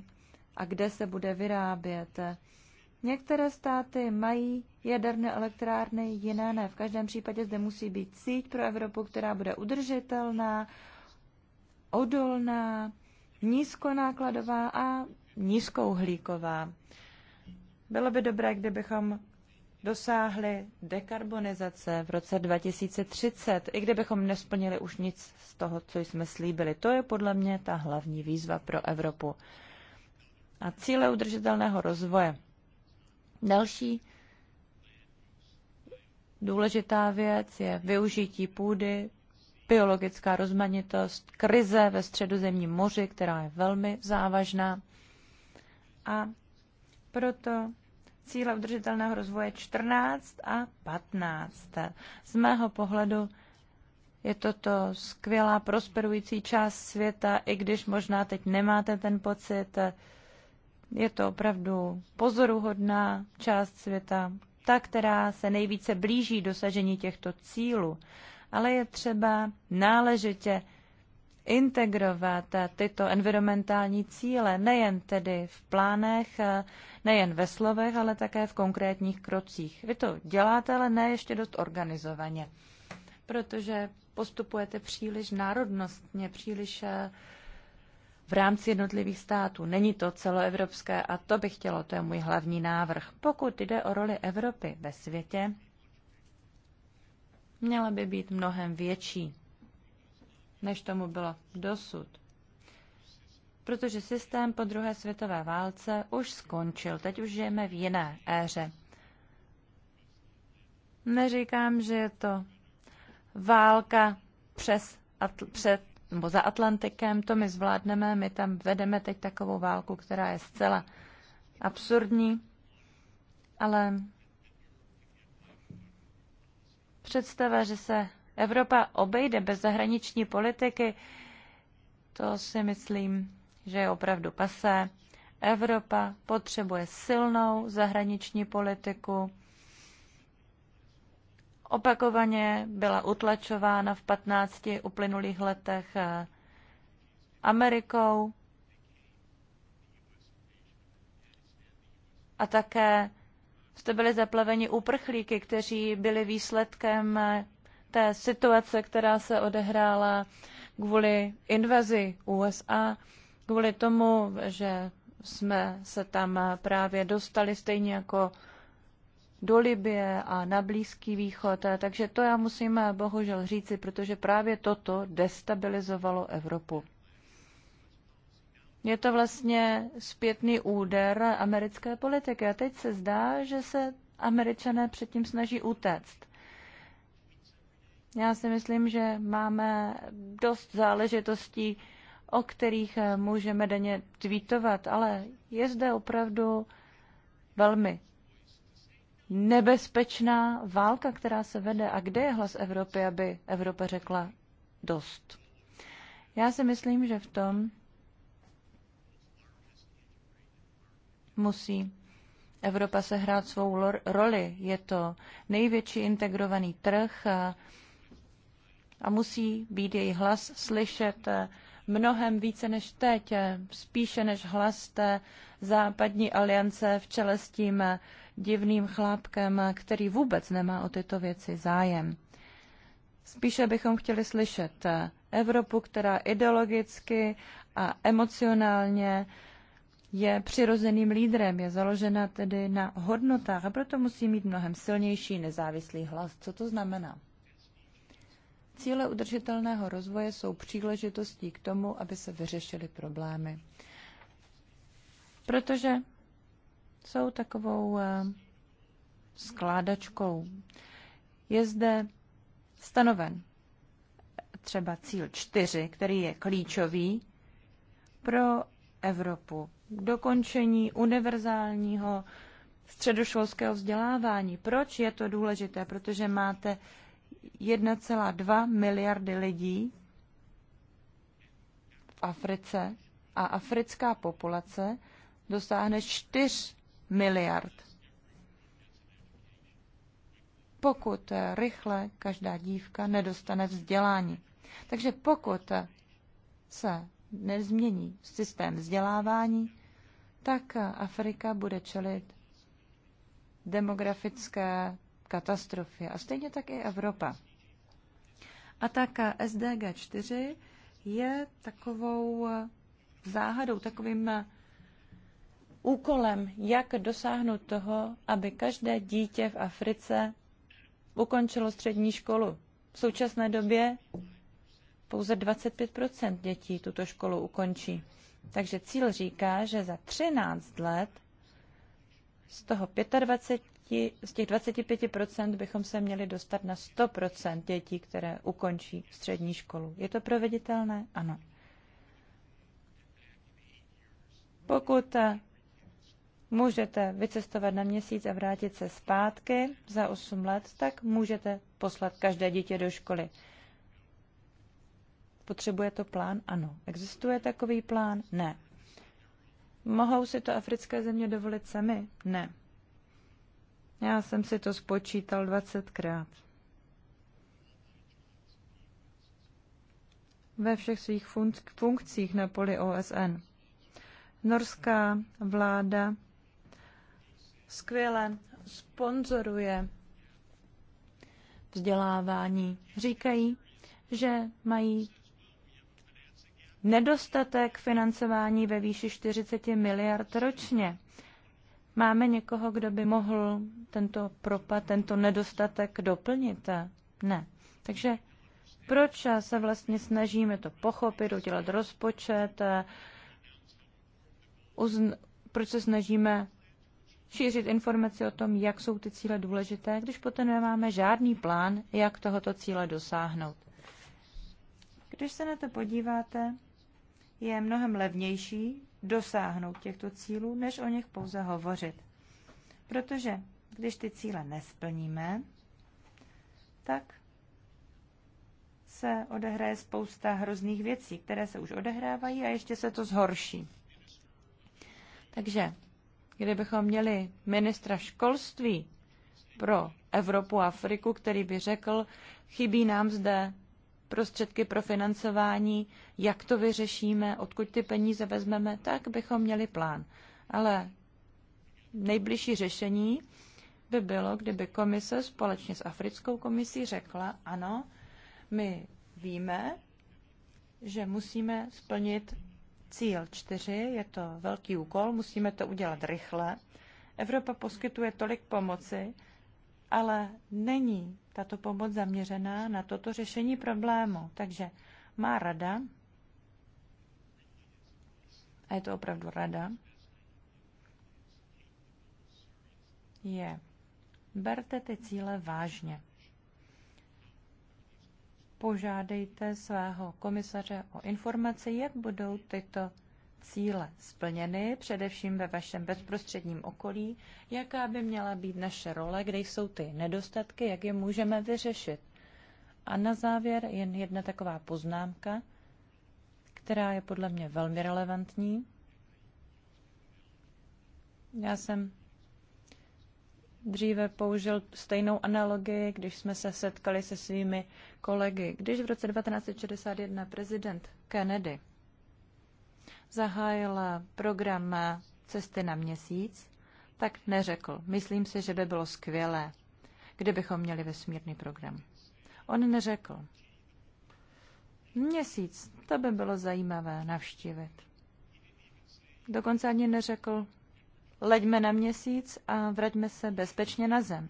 a kde se bude vyrábět. Některé státy mají jaderné elektrárny, jiné ne. V každém případě zde musí být síť pro Evropu, která bude udržitelná, odolná, nízkonákladová a nízkouhlíková. Bylo by dobré, kdybychom dosáhli dekarbonizace v roce 2030, i kdybychom nesplnili už nic z toho, co jsme slíbili. To je podle mě ta hlavní výzva pro Evropu. A cíle udržitelného rozvoje. Další důležitá věc je využití půdy biologická rozmanitost, krize ve středozemním moři, která je velmi závažná. A proto cíle udržitelného rozvoje 14 a 15. Z mého pohledu je toto skvělá prosperující část světa, i když možná teď nemáte ten pocit. Je to opravdu pozoruhodná část světa, ta, která se nejvíce blíží dosažení těchto cílů ale je třeba náležitě integrovat tyto environmentální cíle nejen tedy v plánech, nejen ve slovech, ale také v konkrétních krocích. Vy to děláte, ale ne ještě dost organizovaně, protože postupujete příliš národnostně, příliš eh, v rámci jednotlivých států. Není to celoevropské a to bych chtělo, to je můj hlavní návrh. Pokud jde o roli Evropy ve světě, měla by být mnohem větší, než tomu bylo dosud. Protože systém po druhé světové válce už skončil, teď už žijeme v jiné éře. Neříkám, že je to válka přes, atl, před, nebo za Atlantikem, to my zvládneme, my tam vedeme teď takovou válku, která je zcela absurdní, ale Představa, že se Evropa obejde bez zahraniční politiky, to si myslím, že je opravdu pasé. Evropa potřebuje silnou zahraniční politiku. Opakovaně byla utlačována v 15 uplynulých letech Amerikou a také jste byli zaplaveni uprchlíky, kteří byli výsledkem eh, té situace, která se odehrála kvůli invazi USA, kvůli tomu, že jsme se tam eh, právě dostali stejně jako do Libie a na Blízký východ. Eh, takže to já musím bohužel říci, protože právě toto destabilizovalo Evropu. Je to vlastně zpětný úder americké politiky a teď se zdá, že se američané předtím snaží utéct. Já si myslím, že máme dost záležitostí, o kterých můžeme denně tweetovat, ale je zde opravdu velmi nebezpečná válka, která se vede. A kde je hlas Evropy, aby Evropa řekla dost? Já si myslím, že v tom, musí Evropa se hrát svou roli. Je to největší integrovaný trh a, a musí být její hlas slyšet mnohem více než teď, spíše než hlas té západní aliance v čele s tím divným chlápkem, který vůbec nemá o tyto věci zájem. Spíše bychom chtěli slyšet Evropu, která ideologicky a emocionálně je přirozeným lídrem, je založena tedy na hodnotách a proto musí mít mnohem silnější nezávislý hlas. Co to znamená? Cíle udržitelného rozvoje jsou příležitostí k tomu, aby se vyřešily problémy. Protože jsou takovou eh, skládačkou. Je zde stanoven třeba cíl 4, který je klíčový pro Evropu. Dokončení univerzálního středoškolského vzdělávání. Proč je to důležité? Protože máte 1,2 miliardy lidí v Africe a africká populace dosáhne 4 miliard. Pokud rychle každá dívka nedostane vzdělání. Takže pokud se nezmění systém vzdělávání, tak Afrika bude čelit demografické katastrofě a stejně tak i Evropa. A tak SDG 4 je takovou záhadou, takovým úkolem, jak dosáhnout toho, aby každé dítě v Africe ukončilo střední školu. V současné době pouze 25 dětí tuto školu ukončí. Takže cíl říká, že za 13 let z toho 25, z těch 25% bychom se měli dostat na 100% dětí, které ukončí střední školu. Je to proveditelné? Ano. Pokud eh, můžete vycestovat na měsíc a vrátit se zpátky za 8 let, tak můžete poslat každé dítě do školy. Potřebuje to plán? Ano. Existuje takový plán? Ne. Mohou si to africké země dovolit sami? Ne. Já jsem si to spočítal 20krát. Ve všech svých funkcích na poli OSN. Norská vláda skvěle sponzoruje vzdělávání. Říkají, že mají nedostatek financování ve výši 40 miliard ročně. Máme někoho, kdo by mohl tento propad, tento nedostatek doplnit? Ne. Takže proč se vlastně snažíme to pochopit, udělat rozpočet, uzn- proč se snažíme šířit informace o tom, jak jsou ty cíle důležité, když potom nemáme žádný plán, jak tohoto cíle dosáhnout. Když se na to podíváte, je mnohem levnější dosáhnout těchto cílů, než o nich pouze hovořit. Protože když ty cíle nesplníme, tak se odehraje spousta hrozných věcí, které se už odehrávají a ještě se to zhorší. Takže kdybychom měli ministra školství pro Evropu a Afriku, který by řekl, chybí nám zde prostředky pro financování, jak to vyřešíme, odkud ty peníze vezmeme, tak bychom měli plán. Ale nejbližší řešení by bylo, kdyby komise společně s Africkou komisí řekla, ano, my víme, že musíme splnit cíl čtyři, je to velký úkol, musíme to udělat rychle. Evropa poskytuje tolik pomoci, ale není tato pomoc zaměřená na toto řešení problému. Takže má rada, a je to opravdu rada, je berte ty cíle vážně. Požádejte svého komisaře o informace, jak budou tyto cíle splněny, především ve vašem bezprostředním okolí, jaká by měla být naše role, kde jsou ty nedostatky, jak je můžeme vyřešit. A na závěr jen jedna taková poznámka, která je podle mě velmi relevantní. Já jsem dříve použil stejnou analogii, když jsme se setkali se svými kolegy. Když v roce 1961 prezident Kennedy zahájil program cesty na měsíc, tak neřekl, myslím si, že by bylo skvělé, kdybychom měli vesmírný program. On neřekl, měsíc, to by bylo zajímavé navštívit. Dokonce ani neřekl, leďme na měsíc a vraťme se bezpečně na zem.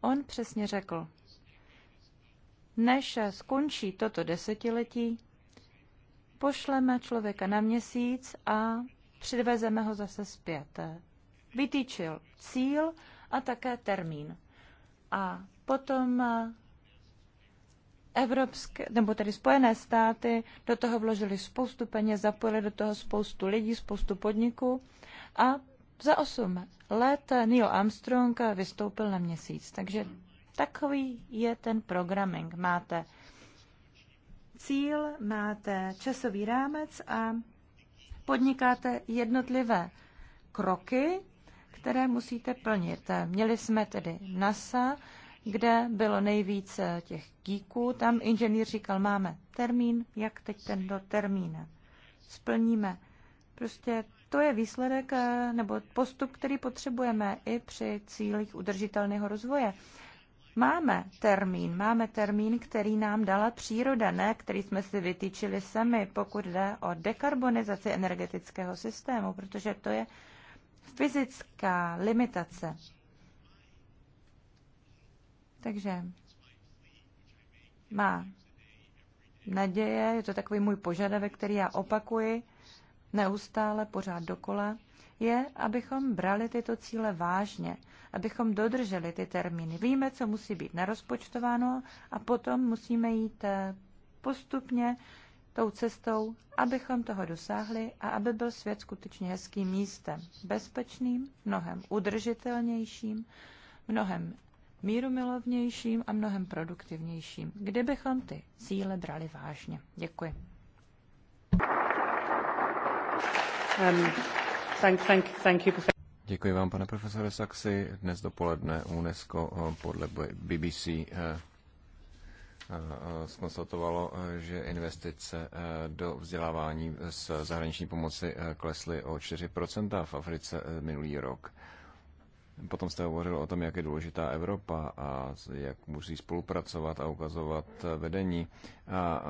On přesně řekl, než skončí toto desetiletí, pošleme člověka na měsíc a přivezeme ho zase zpět. Vytýčil cíl a také termín. A potom eh, Evropské, nebo tedy Spojené státy do toho vložili spoustu peněz, zapojili do toho spoustu lidí, spoustu podniků a za 8 let Neil Armstrong vystoupil na měsíc. Takže takový je ten programming. Máte cíl, máte časový rámec a podnikáte jednotlivé kroky, které musíte plnit. Měli jsme tedy NASA, kde bylo nejvíce těch kýků. Tam inženýr říkal, máme termín, jak teď tento termín splníme. Prostě to je výsledek eh, nebo postup, který potřebujeme i při cílích udržitelného rozvoje. Máme termín, máme termín, který nám dala příroda, ne který jsme si vytýčili sami, pokud jde o dekarbonizaci energetického systému, protože to je fyzická limitace. Takže má naděje, je to takový můj požadavek, který já opakuji neustále, pořád dokola, je, abychom brali tyto cíle vážně abychom dodrželi ty termíny. Víme, co musí být narozpočtováno a potom musíme jít eh, postupně tou cestou, abychom toho dosáhli a aby byl svět skutečně hezkým místem. Bezpečným, mnohem udržitelnějším, mnohem mírumilovnějším a mnohem produktivnějším, kdybychom ty cíle brali vážně. Děkuji. Um, thank, thank, thank you. Děkuji vám, pane profesore Saxi. Dnes dopoledne UNESCO eh, podle BBC skonstatovalo, eh, eh, že investice do vzdělávání z zahraniční pomoci klesly o 4% v Africe minulý rok. Potom jste hovořil o tom, jak je důležitá Evropa a jak musí spolupracovat a ukazovat vedení. A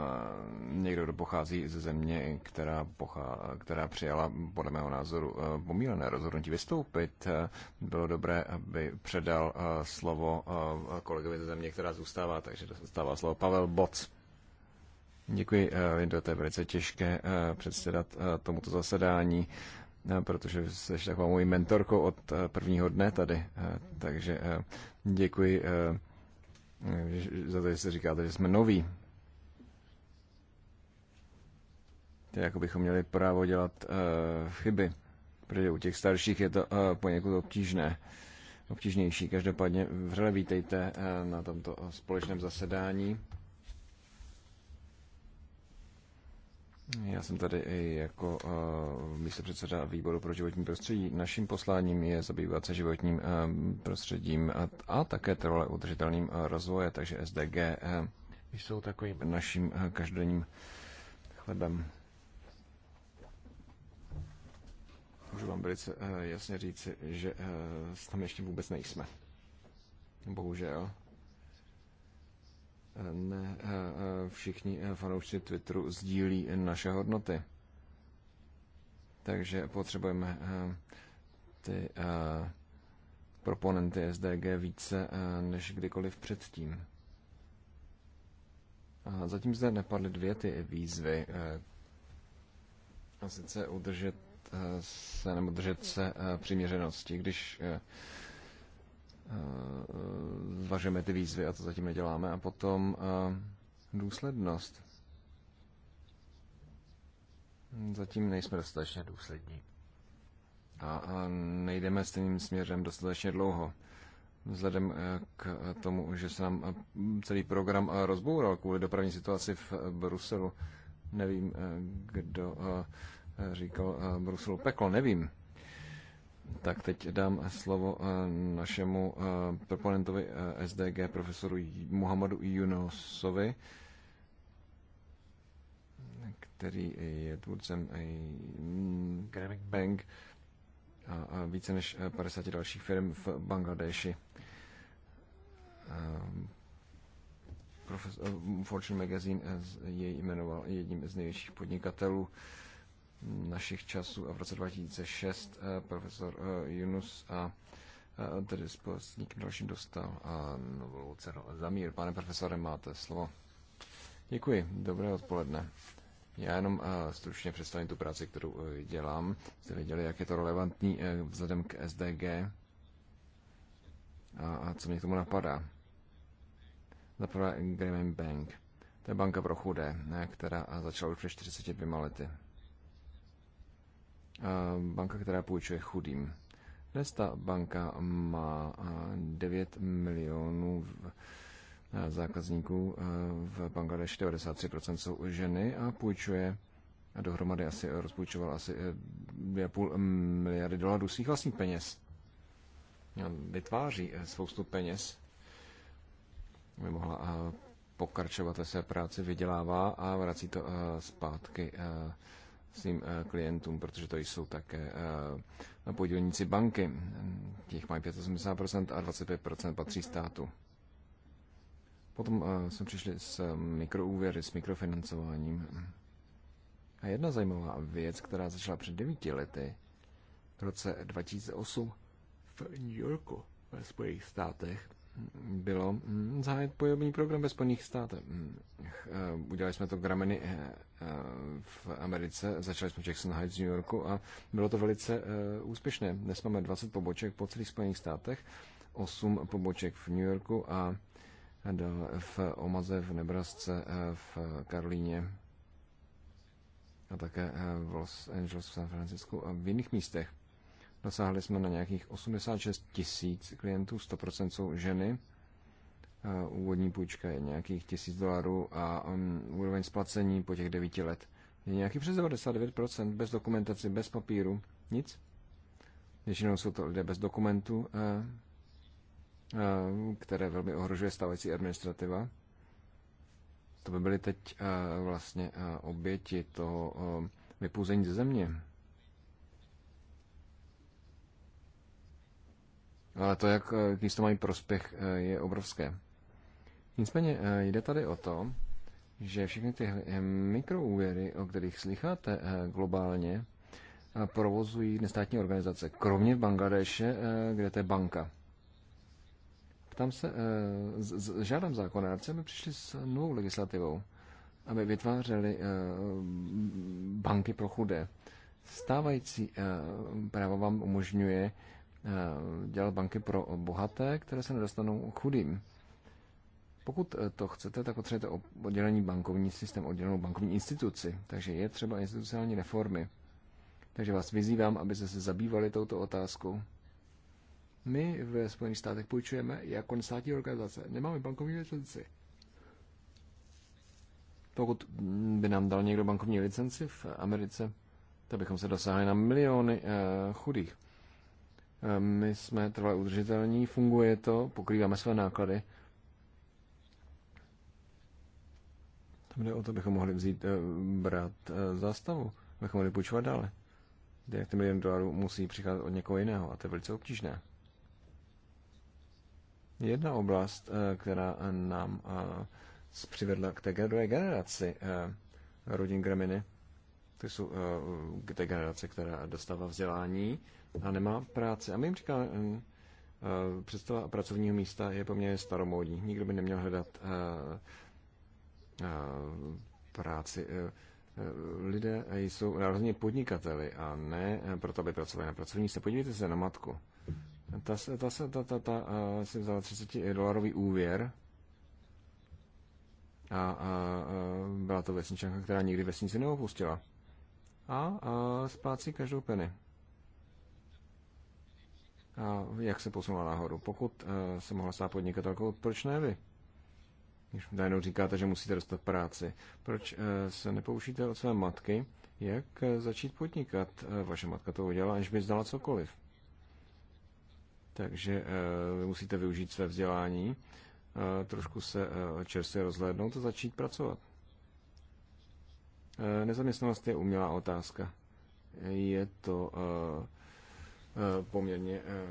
někdo, kdo pochází ze země, která, pochá, která přijala, podle mého názoru, e, pomílené rozhodnutí vystoupit, e, bylo dobré, aby předal e, slovo kolegovi ze země, která zůstává, takže dostává slovo Pavel Boc. Děkuji, Lindo, to je velice těžké předsedat tomuto zasedání. Eh, protože jsi taková mojí mentorkou od eh, prvního dne tady. Eh, takže děkuji za to, že se říkáte, že jsme noví. To jako bychom měli právo dělat chyby, protože u těch starších je to poněkud obtížné obtížnější. Každopádně vřele vítejte na tomto společném zasedání. Já jsem tady i jako uh, místopředseda výboru pro životní prostředí. Naším posláním je zabývat se životním uh, prostředím a, a také trvale udržitelným uh, eh, rozvojem, takže SDG uh, jsou takovým naším uh, každodenním chlebem. Můžu vám velice uh, jasně říci, že uh, tam ještě vůbec nejsme. Bohužel ne eh, eh, všichni eh, fanoušci Twitteru sdílí naše hodnoty. Takže potřebujeme ty proponenty SDG více než kdykoliv předtím. A zatím zde nepadly dvě ty výzvy. A sice udržet se nebo držet se přiměřenosti. Když Eh, eh, zvažujeme ty výzvy a to zatím neděláme. A potom eh, důslednost. Zatím nejsme dostatečně důslední. A, a nejdeme stejným směrem dostatečně dlouho. Vzhledem k tomu, že se nám celý program rozboural kvůli dopravní situaci v Bruselu, nevím, kdo říkal Bruselu peklo, nevím. Tak teď dám slovo eh, našemu eh, proponentovi eh, SDG, profesoru Muhammadu Junosovi, který je tvůrcem Grammic Bank a více než 50 dalších firm v Bangladeši. Fortune Magazine jej jmenoval jedním z největších podnikatelů našich časů a v roce 2006 eh, profesor eh, Yunus a eh, tedy společník dalším dostal a novou cenu za mír. Pane profesore, máte slovo. Děkuji, dobré odpoledne. Já jenom stručně představím tu práci, kterou dělám. Jste viděli, jak je to relevantní vzhledem k SDG a co mě k tomu napadá. Zaprvé Grameen Bank. To je banka pro chudé, která začala už před 42 lety. Eh, banka, která půjčuje chudým. Dnes ta banka má 9 eh, milionů eh, zákazníků v Bangladeši, 93% jsou ženy a půjčuje a dohromady asi rozpůjčoval asi 2,5 miliardy dolarů svých vlastních peněz. No, vytváří spoustu peněz, by mohla pokračovat ve své práci, vydělává a vrací to zpátky svým eh, klientům, protože to jsou také eh, podílníci banky. Těch mají 85% a 25% patří státu. Potom eh, jsme přišli s mikroúvěry, s mikrofinancováním. A jedna zajímavá věc, která začala před devíti lety, v roce 2008 v New Yorku ve Spojených státech, bylo mm, zahájit bojovní program ve Spojených státech. Mm, eh, udělali jsme to grameny eh, eh, v Americe, začali jsme Jackson Heights v New Yorku a bylo to velice úspěšné. Dnes máme 20 poboček po celých Spojených státech, 8 poboček v New Yorku a v Omaze, v Nebrasce, v Karolíně a také v Los Angeles, v San Francisco a v jiných místech. Dosáhli jsme na nějakých 86 tisíc klientů, 100% jsou ženy. Úvodní půjčka je nějakých tisíc dolarů a um, úroveň splacení po těch 9 let je nějaký přes 99%, bez dokumentaci, bez papíru, nic. Většinou jsou to lidé bez dokumentů, které velmi ohrožuje stávající administrativa. To by byly teď vlastně oběti toho vypůzení ze země. Ale to, jak eh, když to mají prospěch, eh, je obrovské. Nicméně eh, jde tady o to, že všechny ty mikroúvěry, o kterých slycháte globálně, provozují nestátní organizace, kromě Bangladeše, kde to je banka. Tam se, žádám zákonárce, aby přišli s novou legislativou, aby vytvářeli banky pro chudé. Stávající právo vám umožňuje Eh, dělat banky pro bohaté, které se nedostanou chudým. Pokud eh, to chcete, tak potřebujete oddělený bankovní systém, oddělenou bankovní instituci. Takže je třeba institucionální reformy. Takže vás vyzývám, abyste se zabývali touto otázkou. My ve Spojených státech půjčujeme jako státní organizace. Nemáme bankovní licenci. Pokud by nám dal někdo bankovní licenci v Americe, tak bychom se dosáhli na miliony eh, chudých. My jsme trvale udržitelní, funguje to, pokrýváme své náklady. Tam jde o to, bychom mohli vzít, brát zástavu, bychom mohli půjčovat dále. Jak ty milion dolarů musí přicházet od někoho jiného a to je velice obtížné. Jedna oblast, která nám přivedla k té druhé generaci rodin Greminy, to jsou té generace, která dostává vzdělání, a nemá práci. A my jim říká, hm, eh, představa pracovního místa je poměrně staromódní. Nikdo by neměl hledat eh, eh, práci. Lidé jsou rázně podnikateli a ne proto, aby pracovali na pracovní se. Podívejte se na matku. Ta, ta, ta, ta, ta, ta si vzala 30 dolarový úvěr a, a, a byla to vesničanka, která nikdy vesnici neopustila. A, a splácí každou penny jak se posunula nahoru. Pokud eh, se mohla stát podnikatelkou, proč ne vy? Když najednou říkáte, že musíte dostat práci, proč eh, se nepoušíte od své matky, jak eh, začít podnikat? Vaše matka to udělala, aniž by zdala cokoliv. Takže vy musíte využít své vzdělání, trošku se čerstvě rozhlédnout a začít pracovat. Nezaměstnanost je umělá otázka. Je to Eh, poměrně eh,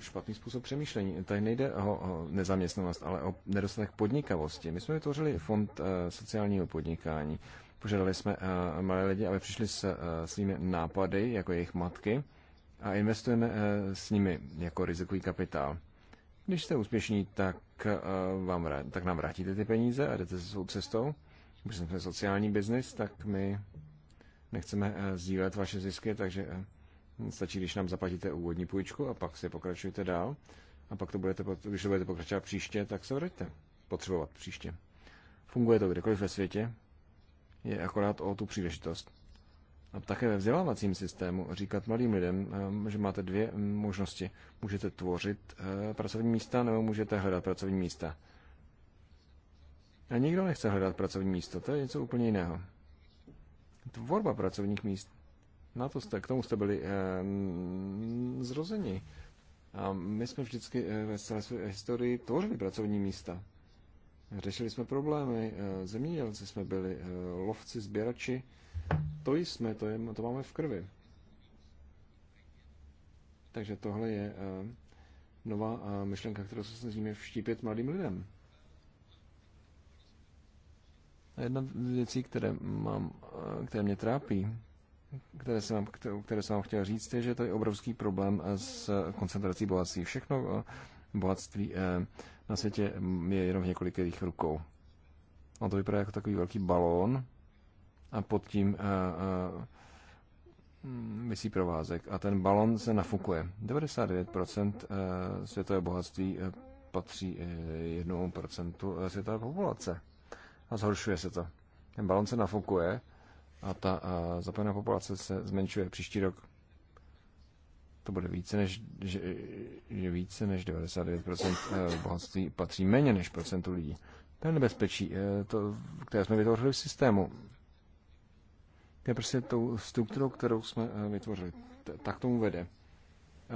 špatný způsob přemýšlení. Tady nejde o nezaměstnanost, ale o nedostatek podnikavosti. My jsme vytvořili fond eh, sociálního podnikání. Požadali jsme malé lidi, aby přišli s svými nápady, jako jejich matky, a investujeme s nimi jako rizikový kapitál. Když jste úspěšní, tak, vám, tak nám vrátíte ty peníze a jdete se svou cestou. Když jsme sociální biznis, tak my nechceme sdílet vaše zisky, takže Stačí, když nám zaplatíte úvodní půjčku a pak si pokračujte dál. A pak to budete, když to budete pokračovat příště, tak se vrátíte Potřebovat příště. Funguje to kdekoliv ve světě. Je akorát o tu příležitost. A také ve vzdělávacím systému říkat mladým lidem, ehm, že máte dvě možnosti. Můžete tvořit eh, pracovní místa nebo můžete hledat pracovní místa. A nikdo nechce hledat pracovní místo, to je něco úplně jiného. Tvorba pracovních míst na to jste, k tomu jste byli eh, zrozeni. A my jsme vždycky eh, ve celé své historii tvořili pracovní místa. Řešili jsme problémy, eh, zemědělci jsme byli, lovci, sběrači. To jsme, to, je, to máme v krvi. Takže tohle je nová myšlenka, kterou se snažíme vštípit mladým lidem. A jedna z věcí, které, mám, které mě trápí, které jsem, vám, které jsem vám chtěl říct, je, že to je obrovský problém eh, s koncentrací bohatství. Všechno eh, bohatství eh, na světě mm, je jenom v několik rukou. On to vypadá jako takový velký balón a pod tím mm, vysí provázek. A ten balon se nafukuje. 99% světové bohatství patří jednomu procentu světové populace. A zhoršuje se to. Ten balon se nafukuje a ta zapojená populace se zmenšuje příští rok. To bude více než, že, že více než 99% e, bohatství patří méně než procentu lidí. To je nebezpečí, e, to, které jsme vytvořili v systému. To je prostě tou strukturou, kterou jsme e, vytvořili. Tak tomu vede.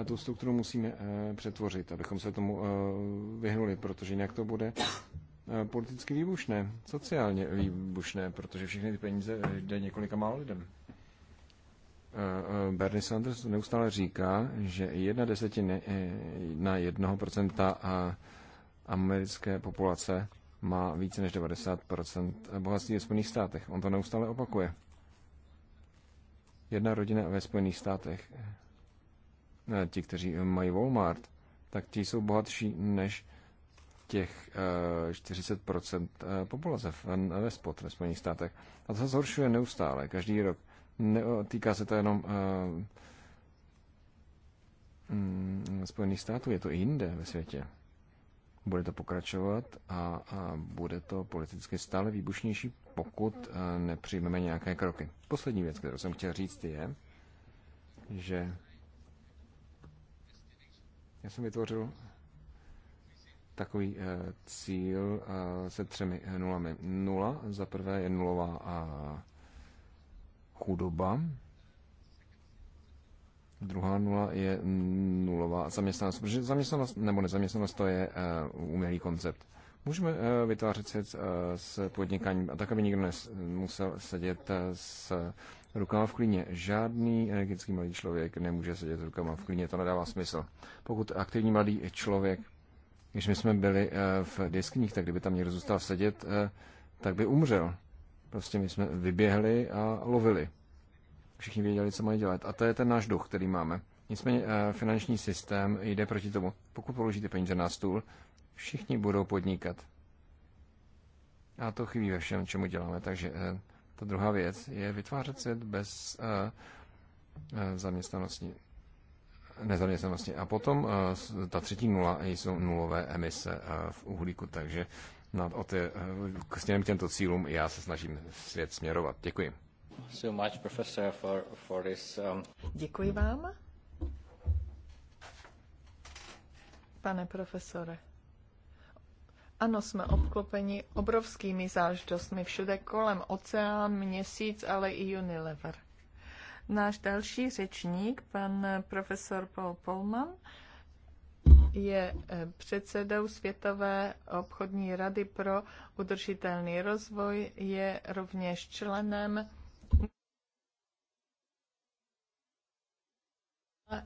A tu strukturu musíme přetvořit, abychom se tomu vyhnuli, protože jinak to bude Eh, politicky výbušné, sociálně výbušné, protože všechny ty peníze eh, jde několika málo lidem. Eh, Bernie Sanders neustále říká, že jedna desetina na jednoho procenta americké populace má více než 90% bohatství ve Spojených státech. On to neustále opakuje. Jedna rodina ve Spojených státech, ti, kteří mají Walmart, tak ti jsou bohatší než těch 40% eh, eh, populace ve spod ve Spojených státech. A to se zhoršuje neustále, každý rok. Ne, týká se to jenom uh, Spojených států, je to i jinde ve světě. Bude to pokračovat a, a bude to politicky stále výbušnější, pokud uh, nepřijmeme nějaké kroky. Poslední věc, kterou jsem chtěl říct, je, že já jsem vytvořil takový eh, cíl eh, se třemi nulami. Nula za prvé je nulová a eh, chudoba. Druhá nula je nulová zaměstnanost, protože zaměstnanost nebo nezaměstnanost to je umělý koncept. Můžeme vytvářet svět s podnikáním, a tak, aby nikdo nemusel sedět s rukama v klíně. Žádný energický mladý člověk nemůže sedět s rukama v klíně, to nedává smysl. Pokud aktivní mladý člověk když my jsme byli eh, v diskních, tak kdyby tam někdo zůstal sedět, eh, tak by umřel. Prostě my jsme vyběhli a lovili. Všichni věděli, co mají dělat. A to je ten náš duch, který máme. Nicméně eh, finanční systém jde proti tomu. Pokud položíte peníze na stůl, všichni budou podnikat. A to chybí ve všem, čemu děláme. Takže ta druhá věc je vytvářet svět bez zaměstnanosti nezaměstnanosti. A potom eh, ta třetí nula eh, jsou nulové emise eh, v uhlíku, takže nad o ty, k směrem těmto cílům já se snažím svět směrovat. Děkuji. So much, professor, for, for this, um... Děkuji vám, pane profesore. Ano, jsme obklopeni obrovskými záždostmi všude kolem. Oceán, měsíc, ale i Unilever. Náš další řečník, pan profesor Paul Polman, je eh, předsedou Světové obchodní rady pro udržitelný rozvoj, je rovněž členem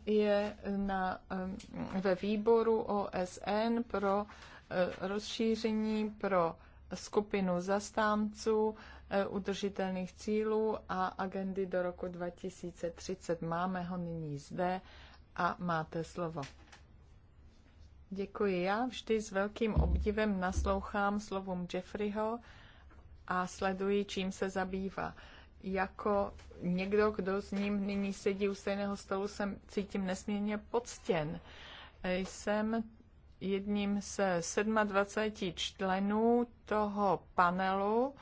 je na, eh, ve výboru OSN pro eh, rozšíření pro skupinu zastánců Eh, udržitelných cílů a agendy do roku 2030. Máme ho nyní zde a máte slovo. Děkuji. Já vždy s velkým obdivem naslouchám slovům Jeffreyho a sleduji, čím se zabývá. Jako někdo, kdo s ním nyní sedí u stejného stolu, jsem cítím nesmírně poctěn. Jsem jedním z 27 členů toho panelu,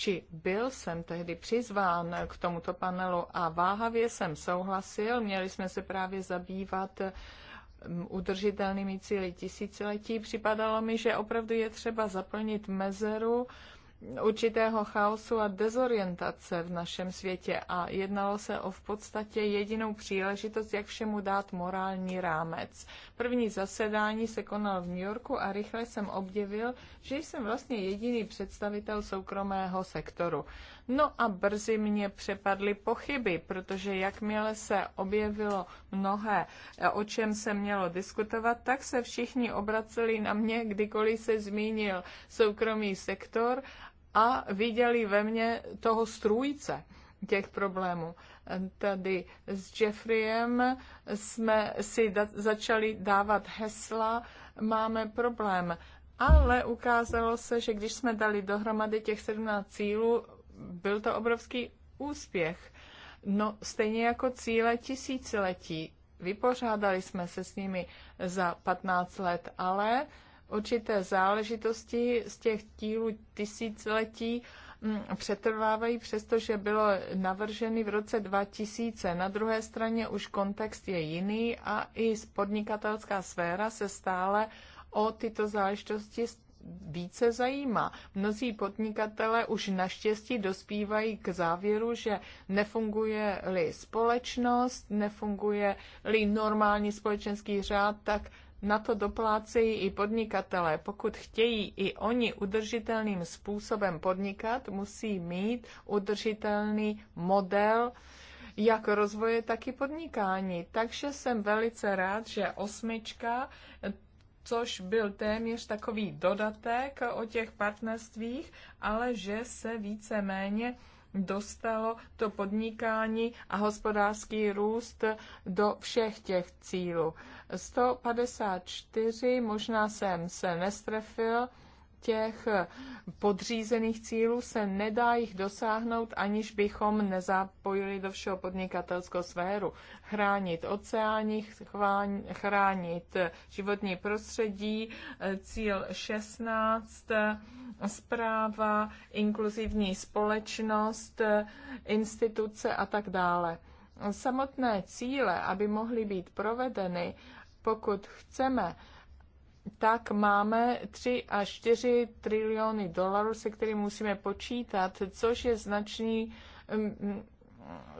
či byl jsem tehdy přizván k tomuto panelu a váhavě jsem souhlasil. Měli jsme se právě zabývat um, udržitelnými cíly tisíciletí. Připadalo mi, že opravdu je třeba zaplnit mezeru určitého chaosu a dezorientace v našem světě a jednalo se o v podstatě jedinou příležitost, jak všemu dát morální rámec. První zasedání se konal v New Yorku a rychle jsem obdivil, že jsem vlastně jediný představitel soukromého sektoru. No a brzy mě přepadly pochyby, protože jakmile se objevilo mnohé, o čem se mělo diskutovat, tak se všichni obraceli na mě, kdykoliv se zmínil soukromý sektor a viděli ve mně toho strůjce těch problémů. Tady s Jeffreyem jsme si da- začali dávat hesla, máme problém. Ale ukázalo se, že když jsme dali dohromady těch 17 cílů, byl to obrovský úspěch. No, stejně jako cíle tisíciletí. Vypořádali jsme se s nimi za 15 let, ale určité záležitosti z těch dílů tisíciletí mm, přetrvávají, přestože bylo navrženy v roce 2000. Na druhé straně už kontext je jiný a i podnikatelská sféra se stále o tyto záležitosti více zajímá. Mnozí podnikatele už naštěstí dospívají k závěru, že nefunguje-li společnost, nefunguje-li normální společenský řád, tak na to doplácejí i podnikatelé. Pokud chtějí i oni udržitelným způsobem podnikat, musí mít udržitelný model jak rozvoje, tak i podnikání. Takže jsem velice rád, že osmička, což byl téměř takový dodatek o těch partnerstvích, ale že se více-méně dostalo to podnikání a hospodářský růst do všech těch cílů. 154, možná jsem se nestrefil, těch podřízených cílů se nedá jich dosáhnout, aniž bychom nezapojili do všeho podnikatelskou sféru. Chránit oceány, chránit životní prostředí, cíl 16, zpráva, inkluzivní společnost, instituce a tak dále. Samotné cíle, aby mohly být provedeny, pokud chceme, tak máme 3 až 4 triliony dolarů, se kterým musíme počítat, což je značný, mm, mm,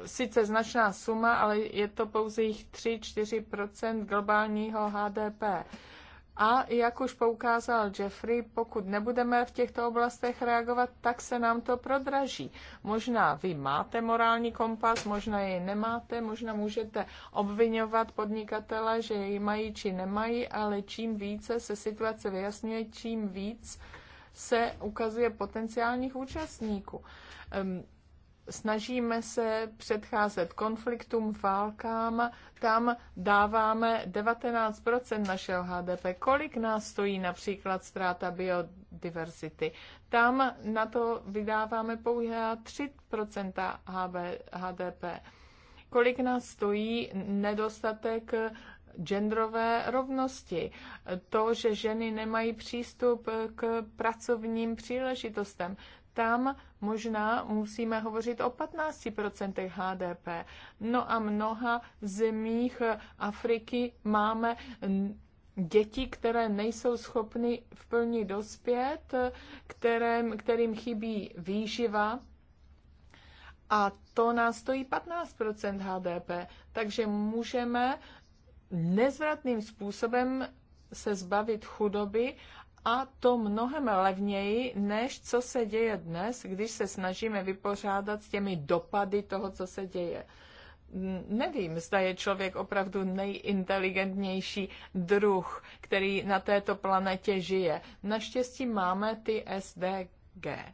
sice značná suma, ale je to pouze jich 3-4 globálního HDP. A jak už poukázal Jeffrey, pokud nebudeme v těchto oblastech reagovat, tak se nám to prodraží. Možná vy máte morální kompas, možná jej nemáte, možná můžete obvinovat podnikatele, že jej mají či nemají, ale čím více se situace vyjasňuje, čím víc se ukazuje potenciálních účastníků. Um, snažíme se předcházet konfliktům, válkám, tam dáváme 19 našeho HDP. Kolik nás stojí například ztráta biodiverzity? Tam na to vydáváme pouhé 3 HDP. Kolik nás stojí nedostatek genderové rovnosti, to, že ženy nemají přístup k pracovním příležitostem tam možná musíme hovořit o 15% HDP. No a mnoha zemích Afriky máme děti, které nejsou schopny v plní dospět, kterým, kterým chybí výživa, a to nás stojí 15% HDP. Takže můžeme nezvratným způsobem se zbavit chudoby a to mnohem levněji, než co se děje dnes, když se snažíme vypořádat s těmi dopady toho, co se děje. Nevím, zda je člověk opravdu nejinteligentnější druh, který na této planetě žije. Naštěstí máme ty SDG. E,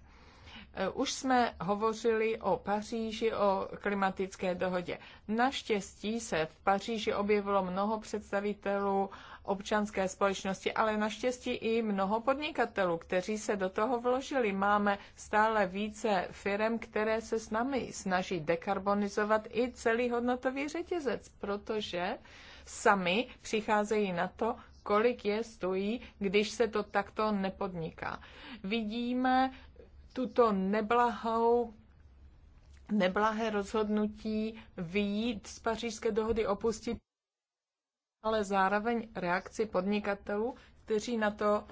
už jsme hovořili o Paříži, o klimatické dohodě. Naštěstí se v Paříži objevilo mnoho představitelů uh, občanské společnosti, ale naštěstí i mnoho podnikatelů, kteří se do toho vložili. Máme stále více firm, které se s námi snaží dekarbonizovat i celý hodnotový řetězec, protože sami přicházejí na to, kolik je stojí, když se to takto nepodniká. Vidíme tuto neblahou neblahé rozhodnutí vyjít z pařížské dohody opustit ale zároveň reakci podnikatelů, kteří na to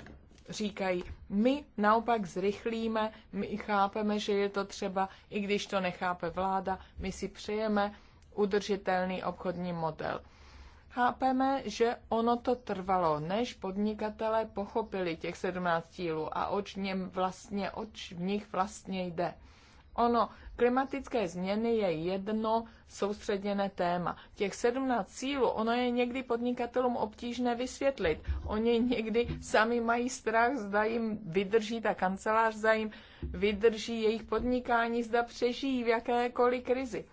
říkají, my naopak zrychlíme, my chápeme, že je to třeba, i když to nechápe vláda, my si přejeme udržitelný obchodní model. Chápeme, že ono to trvalo, než podnikatelé pochopili těch 17 cílů a oč něm vlastně, oč v nich vlastně jde. Ono, klimatické změny je jedno soustředěné téma. Těch 17 cílů, ono je někdy podnikatelům obtížné vysvětlit. Oni někdy sami mají strach, zda jim vydrží ta kancelář, zda jim vydrží jejich podnikání, zda přežijí v jakékoliv krizi.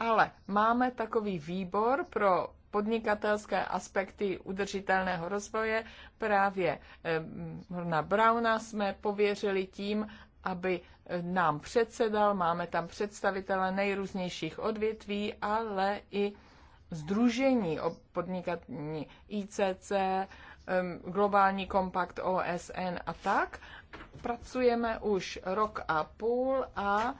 Ale máme takový výbor pro podnikatelské aspekty udržitelného rozvoje. Právě eh, na Brauna jsme pověřili tím, aby nám předsedal, máme tam představitele nejrůznějších odvětví, ale i združení podnikatní ICC, globální kompakt OSN a tak. Pracujeme už rok a půl a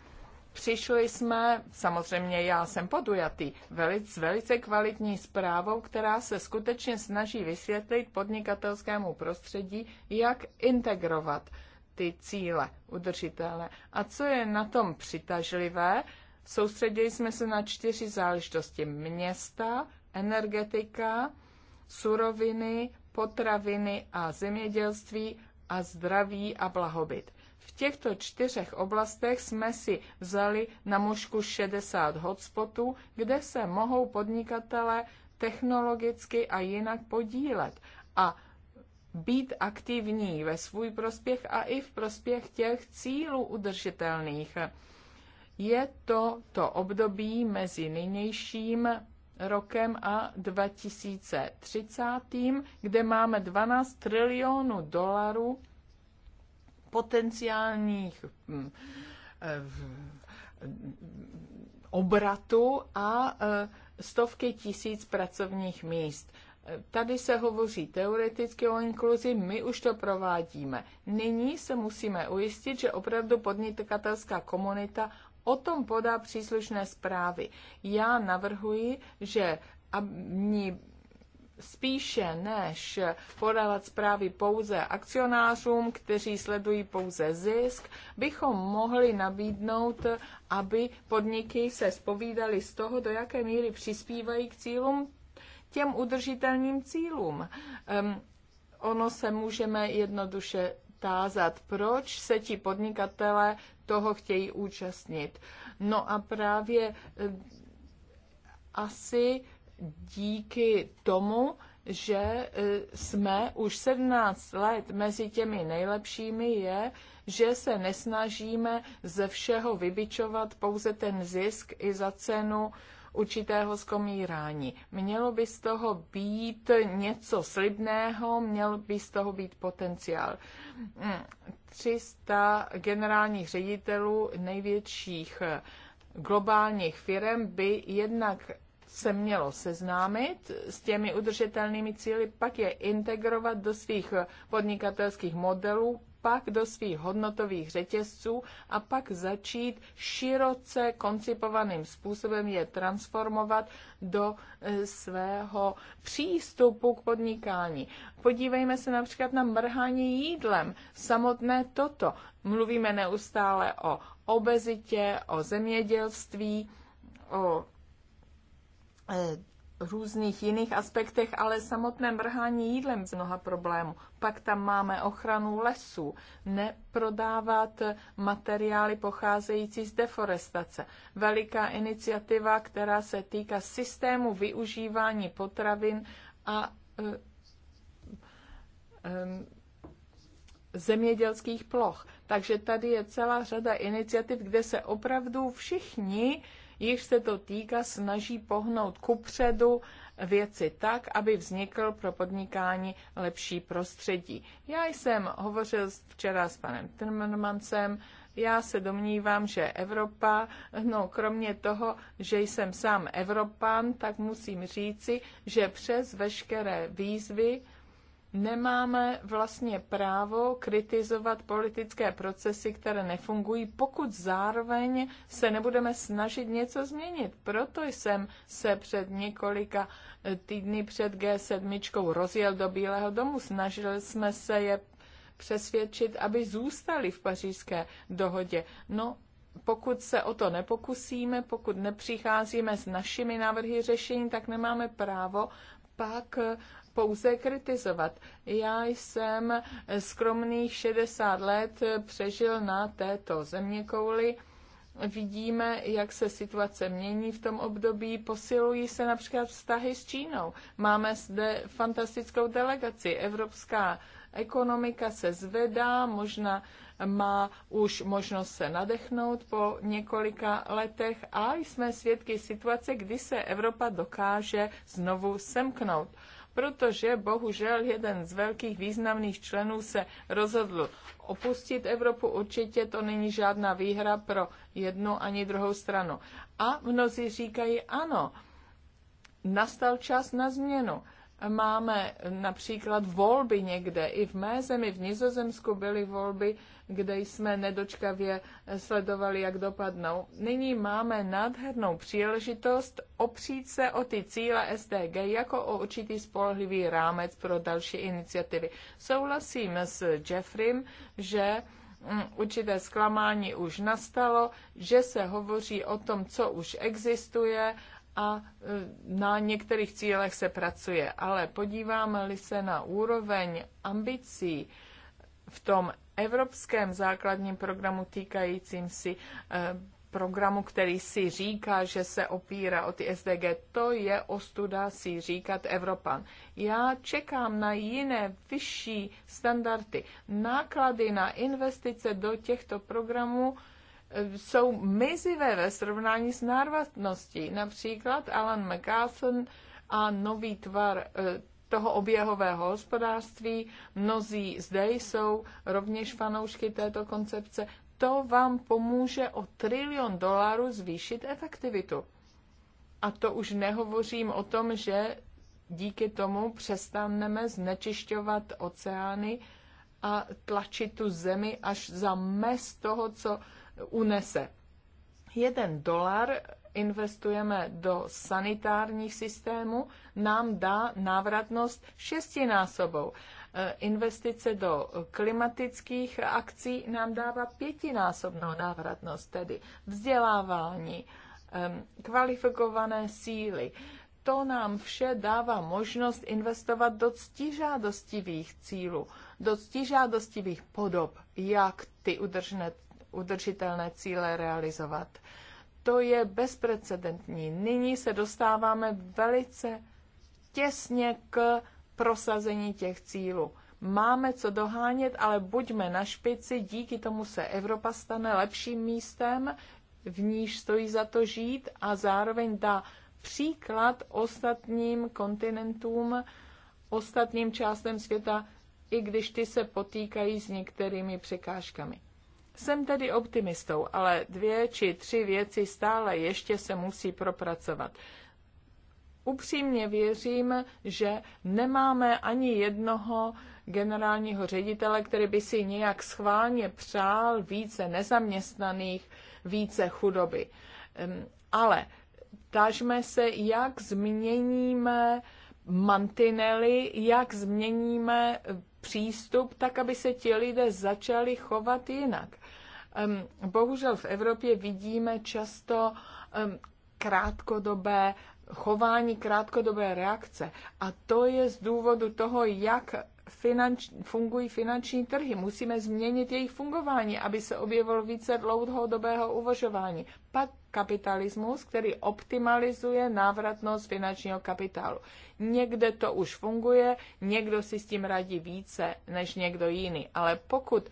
přišli jsme, samozřejmě já jsem podujatý, velice, velice kvalitní zprávou, která se skutečně snaží vysvětlit podnikatelskému prostředí, jak integrovat ty cíle udržitelné. A co je na tom přitažlivé? Soustředili jsme se na čtyři záležitosti. Města, energetika, suroviny, potraviny a zemědělství a zdraví a blahobyt. V těchto čtyřech oblastech jsme si vzali na mužku 60 hotspotů, kde se mohou podnikatele technologicky a jinak podílet. A být aktivní ve svůj prospěch a i v prospěch těch cílů udržitelných. Je to to období mezi nynějším rokem a 2030, kde máme 12 trilionů dolarů potenciálních hm, eh, obratu a eh, stovky tisíc pracovních míst. Tady se hovoří teoreticky o inkluzi, my už to provádíme. Nyní se musíme ujistit, že opravdu podnikatelská komunita o tom podá příslušné zprávy. Já navrhuji, že ní spíše než podávat zprávy pouze akcionářům, kteří sledují pouze zisk, bychom mohli nabídnout, aby podniky se spovídaly z toho, do jaké míry přispívají k cílům těm udržitelným cílům. Um, ono se můžeme jednoduše tázat, proč se ti podnikatele toho chtějí účastnit. No a právě asi díky tomu, že jsme už 17 let mezi těmi nejlepšími je, že se nesnažíme ze všeho vybičovat pouze ten zisk i za cenu určitého zkomírání. Mělo by z toho být něco slibného, měl by z toho být potenciál. 300 mm, generálních ředitelů největších eh, globálních firm by jednak se mělo seznámit s těmi udržitelnými cíly, pak je integrovat do svých eh, podnikatelských modelů, pak do svých hodnotových řetězců a pak začít široce koncipovaným způsobem je transformovat do e, svého přístupu k podnikání. Podívejme se například na mrhání jídlem. Samotné toto. Mluvíme neustále o obezitě, o zemědělství, o e, různých jiných aspektech, ale samotné mrhání jídlem z mnoha problémů. Pak tam máme ochranu lesů, neprodávat materiály pocházející z deforestace. Veliká iniciativa, která se týká systému využívání potravin a e, e, zemědělských ploch. Takže tady je celá řada iniciativ, kde se opravdu všichni již se to týká, snaží pohnout kupředu věci tak, aby vznikl pro podnikání lepší prostředí. Já jsem hovořil včera s panem Timmermansem, já se domnívám, že Evropa, no kromě toho, že jsem sám Evropan, tak musím říci, že přes veškeré výzvy, nemáme vlastně právo kritizovat politické procesy, které nefungují, pokud zároveň se nebudeme snažit něco změnit. Proto jsem se před několika eh, týdny před G7 rozjel do Bílého domu. Snažili jsme se je přesvědčit, aby zůstali v pařížské dohodě. No, pokud se o to nepokusíme, pokud nepřicházíme s našimi návrhy řešení, tak nemáme právo pak eh, pouze kritizovat. Já jsem skromných 60 let přežil na této zeměkouli. Vidíme, jak se situace mění v tom období. Posilují se například vztahy s Čínou. Máme zde fantastickou delegaci. Evropská ekonomika se zvedá, možná má už možnost se nadechnout po několika letech a jsme svědky situace, kdy se Evropa dokáže znovu semknout protože bohužel jeden z velkých významných členů se rozhodl opustit Evropu. Určitě to není žádná výhra pro jednu ani druhou stranu. A mnozí říkají ano, nastal čas na změnu. Máme například volby někde. I v mé zemi, v Nizozemsku, byly volby kde jsme nedočkavě sledovali, jak dopadnou. Nyní máme nádhernou příležitost opřít se o ty cíle SDG jako o určitý spolehlivý rámec pro další iniciativy. Souhlasím s Jeffrem, že mm, určité zklamání už nastalo, že se hovoří o tom, co už existuje a e, na některých cílech se pracuje. Ale podíváme-li se na úroveň ambicí v tom evropském základním programu týkajícím si eh, programu, který si říká, že se opírá o ty SDG, to je ostuda si říkat Evropan. Já čekám na jiné vyšší standardy. Náklady na investice do těchto programů eh, jsou mizivé ve srovnání s národností. Například Alan McCarthy a nový tvar eh, toho oběhového hospodářství. Mnozí zde jsou rovněž fanoušky této koncepce. To vám pomůže o trilion dolarů zvýšit efektivitu. A to už nehovořím o tom, že díky tomu přestaneme znečišťovat oceány a tlačit tu zemi až za mez toho, co unese. Jeden dolar investujeme do sanitárních systémů, nám dá návratnost šestinásobou. E, investice do klimatických akcí nám dává pětinásobnou návratnost, tedy vzdělávání, e, kvalifikované síly. To nám vše dává možnost investovat do ctižádostivých cílů, do ctižádostivých podob, jak ty udržitelné cíle realizovat to je bezprecedentní. Nyní se dostáváme velice těsně k prosazení těch cílů. Máme co dohánět, ale buďme na špici, díky tomu se Evropa stane lepším místem, v níž stojí za to žít a zároveň dá příklad ostatním kontinentům, ostatním částem světa, i když ty se potýkají s některými překážkami. Jsem tedy optimistou, ale dvě či tři věci stále ještě se musí propracovat. Upřímně věřím, že nemáme ani jednoho generálního ředitele, který by si nějak schválně přál více nezaměstnaných, více chudoby. Ale tažme se, jak změníme mantinely, jak změníme přístup, tak aby se ti lidé začali chovat jinak bohužel v Evropě vidíme často krátkodobé chování, krátkodobé reakce. A to je z důvodu toho, jak finanč, fungují finanční trhy. Musíme změnit jejich fungování, aby se objevilo více dlouhodobého uvažování. Pak kapitalismus, který optimalizuje návratnost finančního kapitálu. Někde to už funguje, někdo si s tím radí více než někdo jiný, ale pokud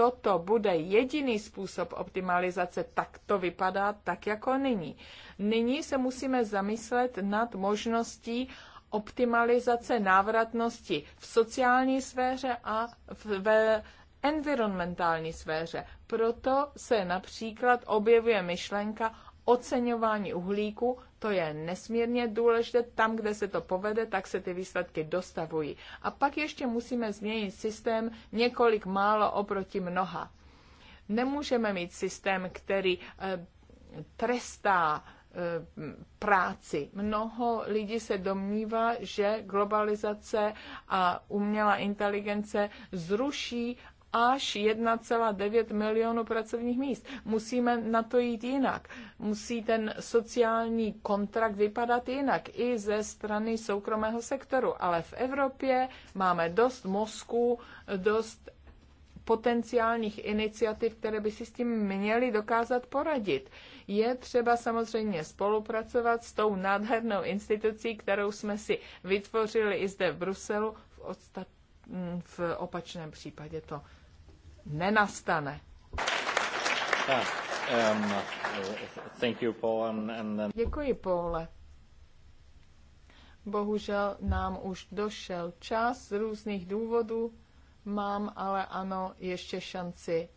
toto bude jediný způsob optimalizace, tak to vypadá tak jako nyní. Nyní se musíme zamyslet nad možností optimalizace návratnosti v sociální sféře a ve environmentální sféře. Proto se například objevuje myšlenka oceňování uhlíku to je nesmírně důležité. Tam, kde se to povede, tak se ty výsledky dostavují. A pak ještě musíme změnit systém několik málo oproti mnoha. Nemůžeme mít systém, který eh, trestá eh, práci. Mnoho lidí se domnívá, že globalizace a umělá inteligence zruší až 1,9 milionu pracovních míst. Musíme na to jít jinak. Musí ten sociální kontrakt vypadat jinak i ze strany soukromého sektoru. Ale v Evropě máme dost mozku, dost potenciálních iniciativ, které by si s tím měly dokázat poradit. Je třeba samozřejmě spolupracovat s tou nádhernou institucí, kterou jsme si vytvořili i zde v Bruselu. V, v opačném případě to nenastane. Eh, Děkuji, Paule. Bohužel nám už došel čas z různých důvodů. Mám ale ano ještě šanci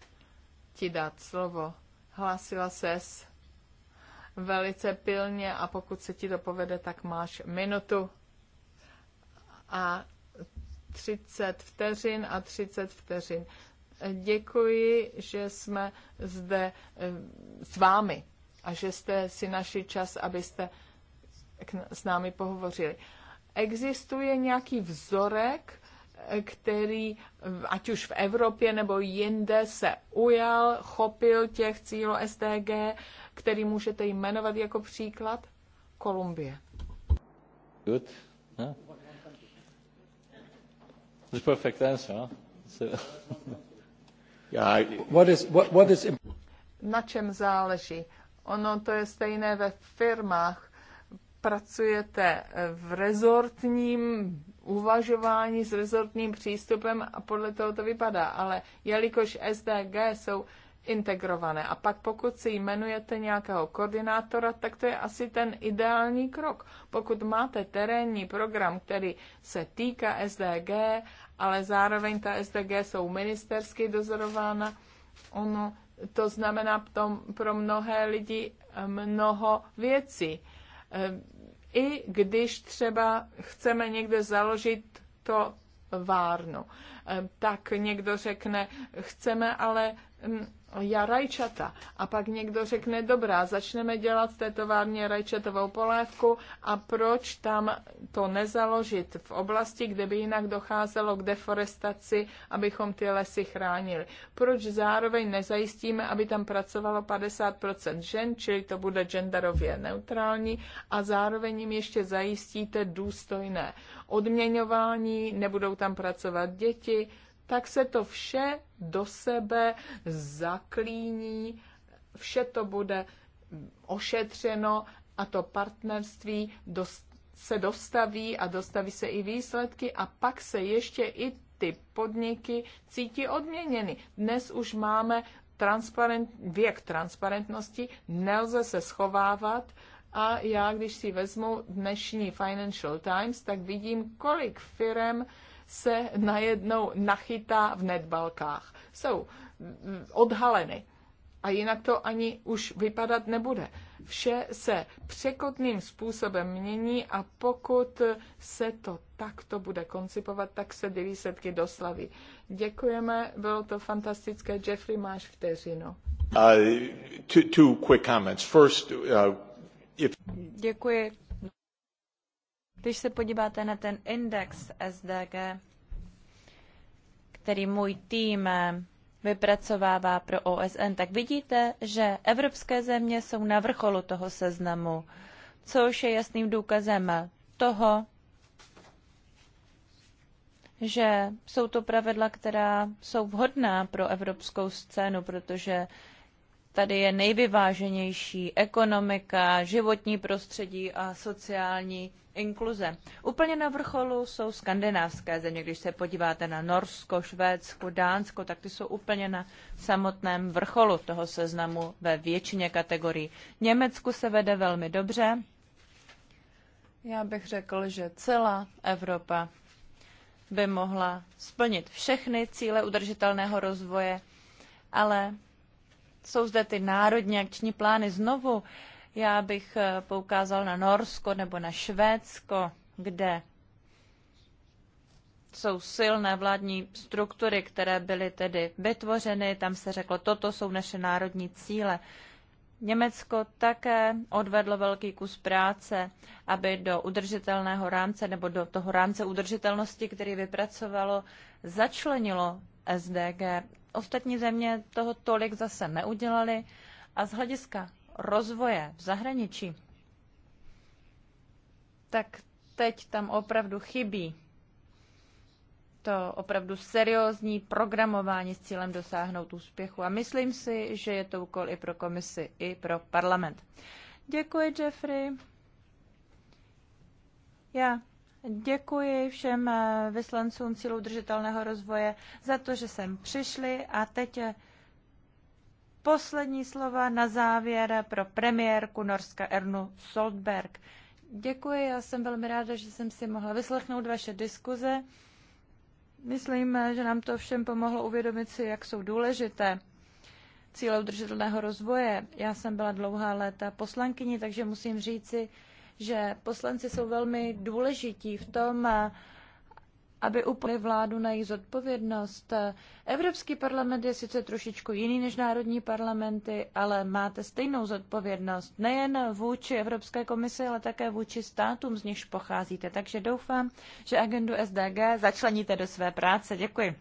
ti dát slovo. Hlásila ses velice pilně a pokud se ti to povede, tak máš minutu a 30 vteřin a 30 vteřin děkuji, že jsme zde eh, s vámi a že jste si našli čas, abyste s námi pohovořili. Existuje nějaký vzorek, eh, který ať už v Evropě nebo jinde se ujal, chopil těch cílů SDG, který můžete jmenovat jako příklad? Kolumbie. Good. Huh? No? The perfect answer. Huh? So Na čem záleží? Ono to je stejné ve firmách. Pracujete v rezortním uvažování s rezortním přístupem a podle toho to vypadá. Ale jelikož SDG jsou integrované. A pak pokud si jmenujete nějakého koordinátora, tak to je asi ten ideální krok. Pokud máte terénní program, který se týká SDG, ale zároveň ta SDG jsou ministersky dozorována, ono to znamená pro mnohé lidi eh, mnoho věcí. Eh, I když třeba chceme někde založit to várnu, eh, tak někdo řekne, chceme ale hm, já rajčata. A pak někdo řekne, dobrá, začneme dělat v té továrně rajčatovou polévku a proč tam to nezaložit v oblasti, kde by jinak docházelo k deforestaci, abychom ty lesy chránili. Proč zároveň nezajistíme, aby tam pracovalo 50% žen, čili to bude genderově neutrální a zároveň jim ještě zajistíte důstojné odměňování, nebudou tam pracovat děti, tak se to vše do sebe zaklíní, vše to bude ošetřeno a to partnerství dost, se dostaví a dostaví se i výsledky a pak se ještě i ty podniky cítí odměněny. Dnes už máme transparent, věk transparentnosti, nelze se schovávat a já, když si vezmu dnešní Financial Times, tak vidím, kolik firm se najednou nachytá v nedbalkách. Jsou odhaleny. A jinak to ani už vypadat nebude. Vše se překotným způsobem mění a pokud se to takto bude koncipovat, tak se ty výsledky doslaví. Děkujeme, bylo to fantastické. Jeffrey, máš vteřinu. Uh, two, two quick comments. First, uh, if... Děkuji. Když se podíváte na ten index SDG, který můj tým eh, vypracovává pro OSN, tak vidíte, že evropské země jsou na vrcholu toho seznamu, což je jasným důkazem toho, že jsou to pravidla, která jsou vhodná pro evropskou scénu, protože tady je nejvyváženější ekonomika, životní prostředí a sociální inkluze. Úplně na vrcholu jsou skandinávské země. Když se podíváte na Norsko, Švédsko, Dánsko, tak ty jsou úplně na samotném vrcholu toho seznamu ve většině kategorií. Německu se vede velmi dobře. Já bych řekl, že celá Evropa by mohla splnit všechny cíle udržitelného rozvoje, ale jsou zde ty národní akční plány znovu. Já bych eh, poukázal na Norsko nebo na Švédsko, kde jsou silné vládní struktury, které byly tedy vytvořeny. Tam se řeklo, toto jsou naše národní cíle. Německo také odvedlo velký kus práce, aby do udržitelného rámce nebo do toho rámce udržitelnosti, který vypracovalo, začlenilo SDG Ostatní země toho tolik zase neudělali a z hlediska rozvoje v zahraničí, tak teď tam opravdu chybí to opravdu seriózní programování s cílem dosáhnout úspěchu. A myslím si, že je to úkol i pro komisi, i pro parlament. Děkuji, Jeffrey. Já Děkuji všem eh, vyslancům cílů držitelného rozvoje za to, že sem přišli a teď eh, poslední slova na závěr pro premiérku Norska Ernu Soldberg. Děkuji, já jsem velmi ráda, že jsem si mohla vyslechnout vaše diskuze. Myslím, eh, že nám to všem pomohlo uvědomit si, jak jsou důležité cíle udržitelného rozvoje. Já jsem byla dlouhá léta poslankyní, takže musím říci, že poslanci jsou velmi důležití v tom, eh, aby upojili vládu na její zodpovědnost. Evropský parlament je sice trošičku jiný než národní parlamenty, ale máte stejnou zodpovědnost nejen vůči Evropské komisi, ale také vůči státům, z nichž pocházíte. Takže doufám, že agendu SDG začleníte do své práce. Děkuji.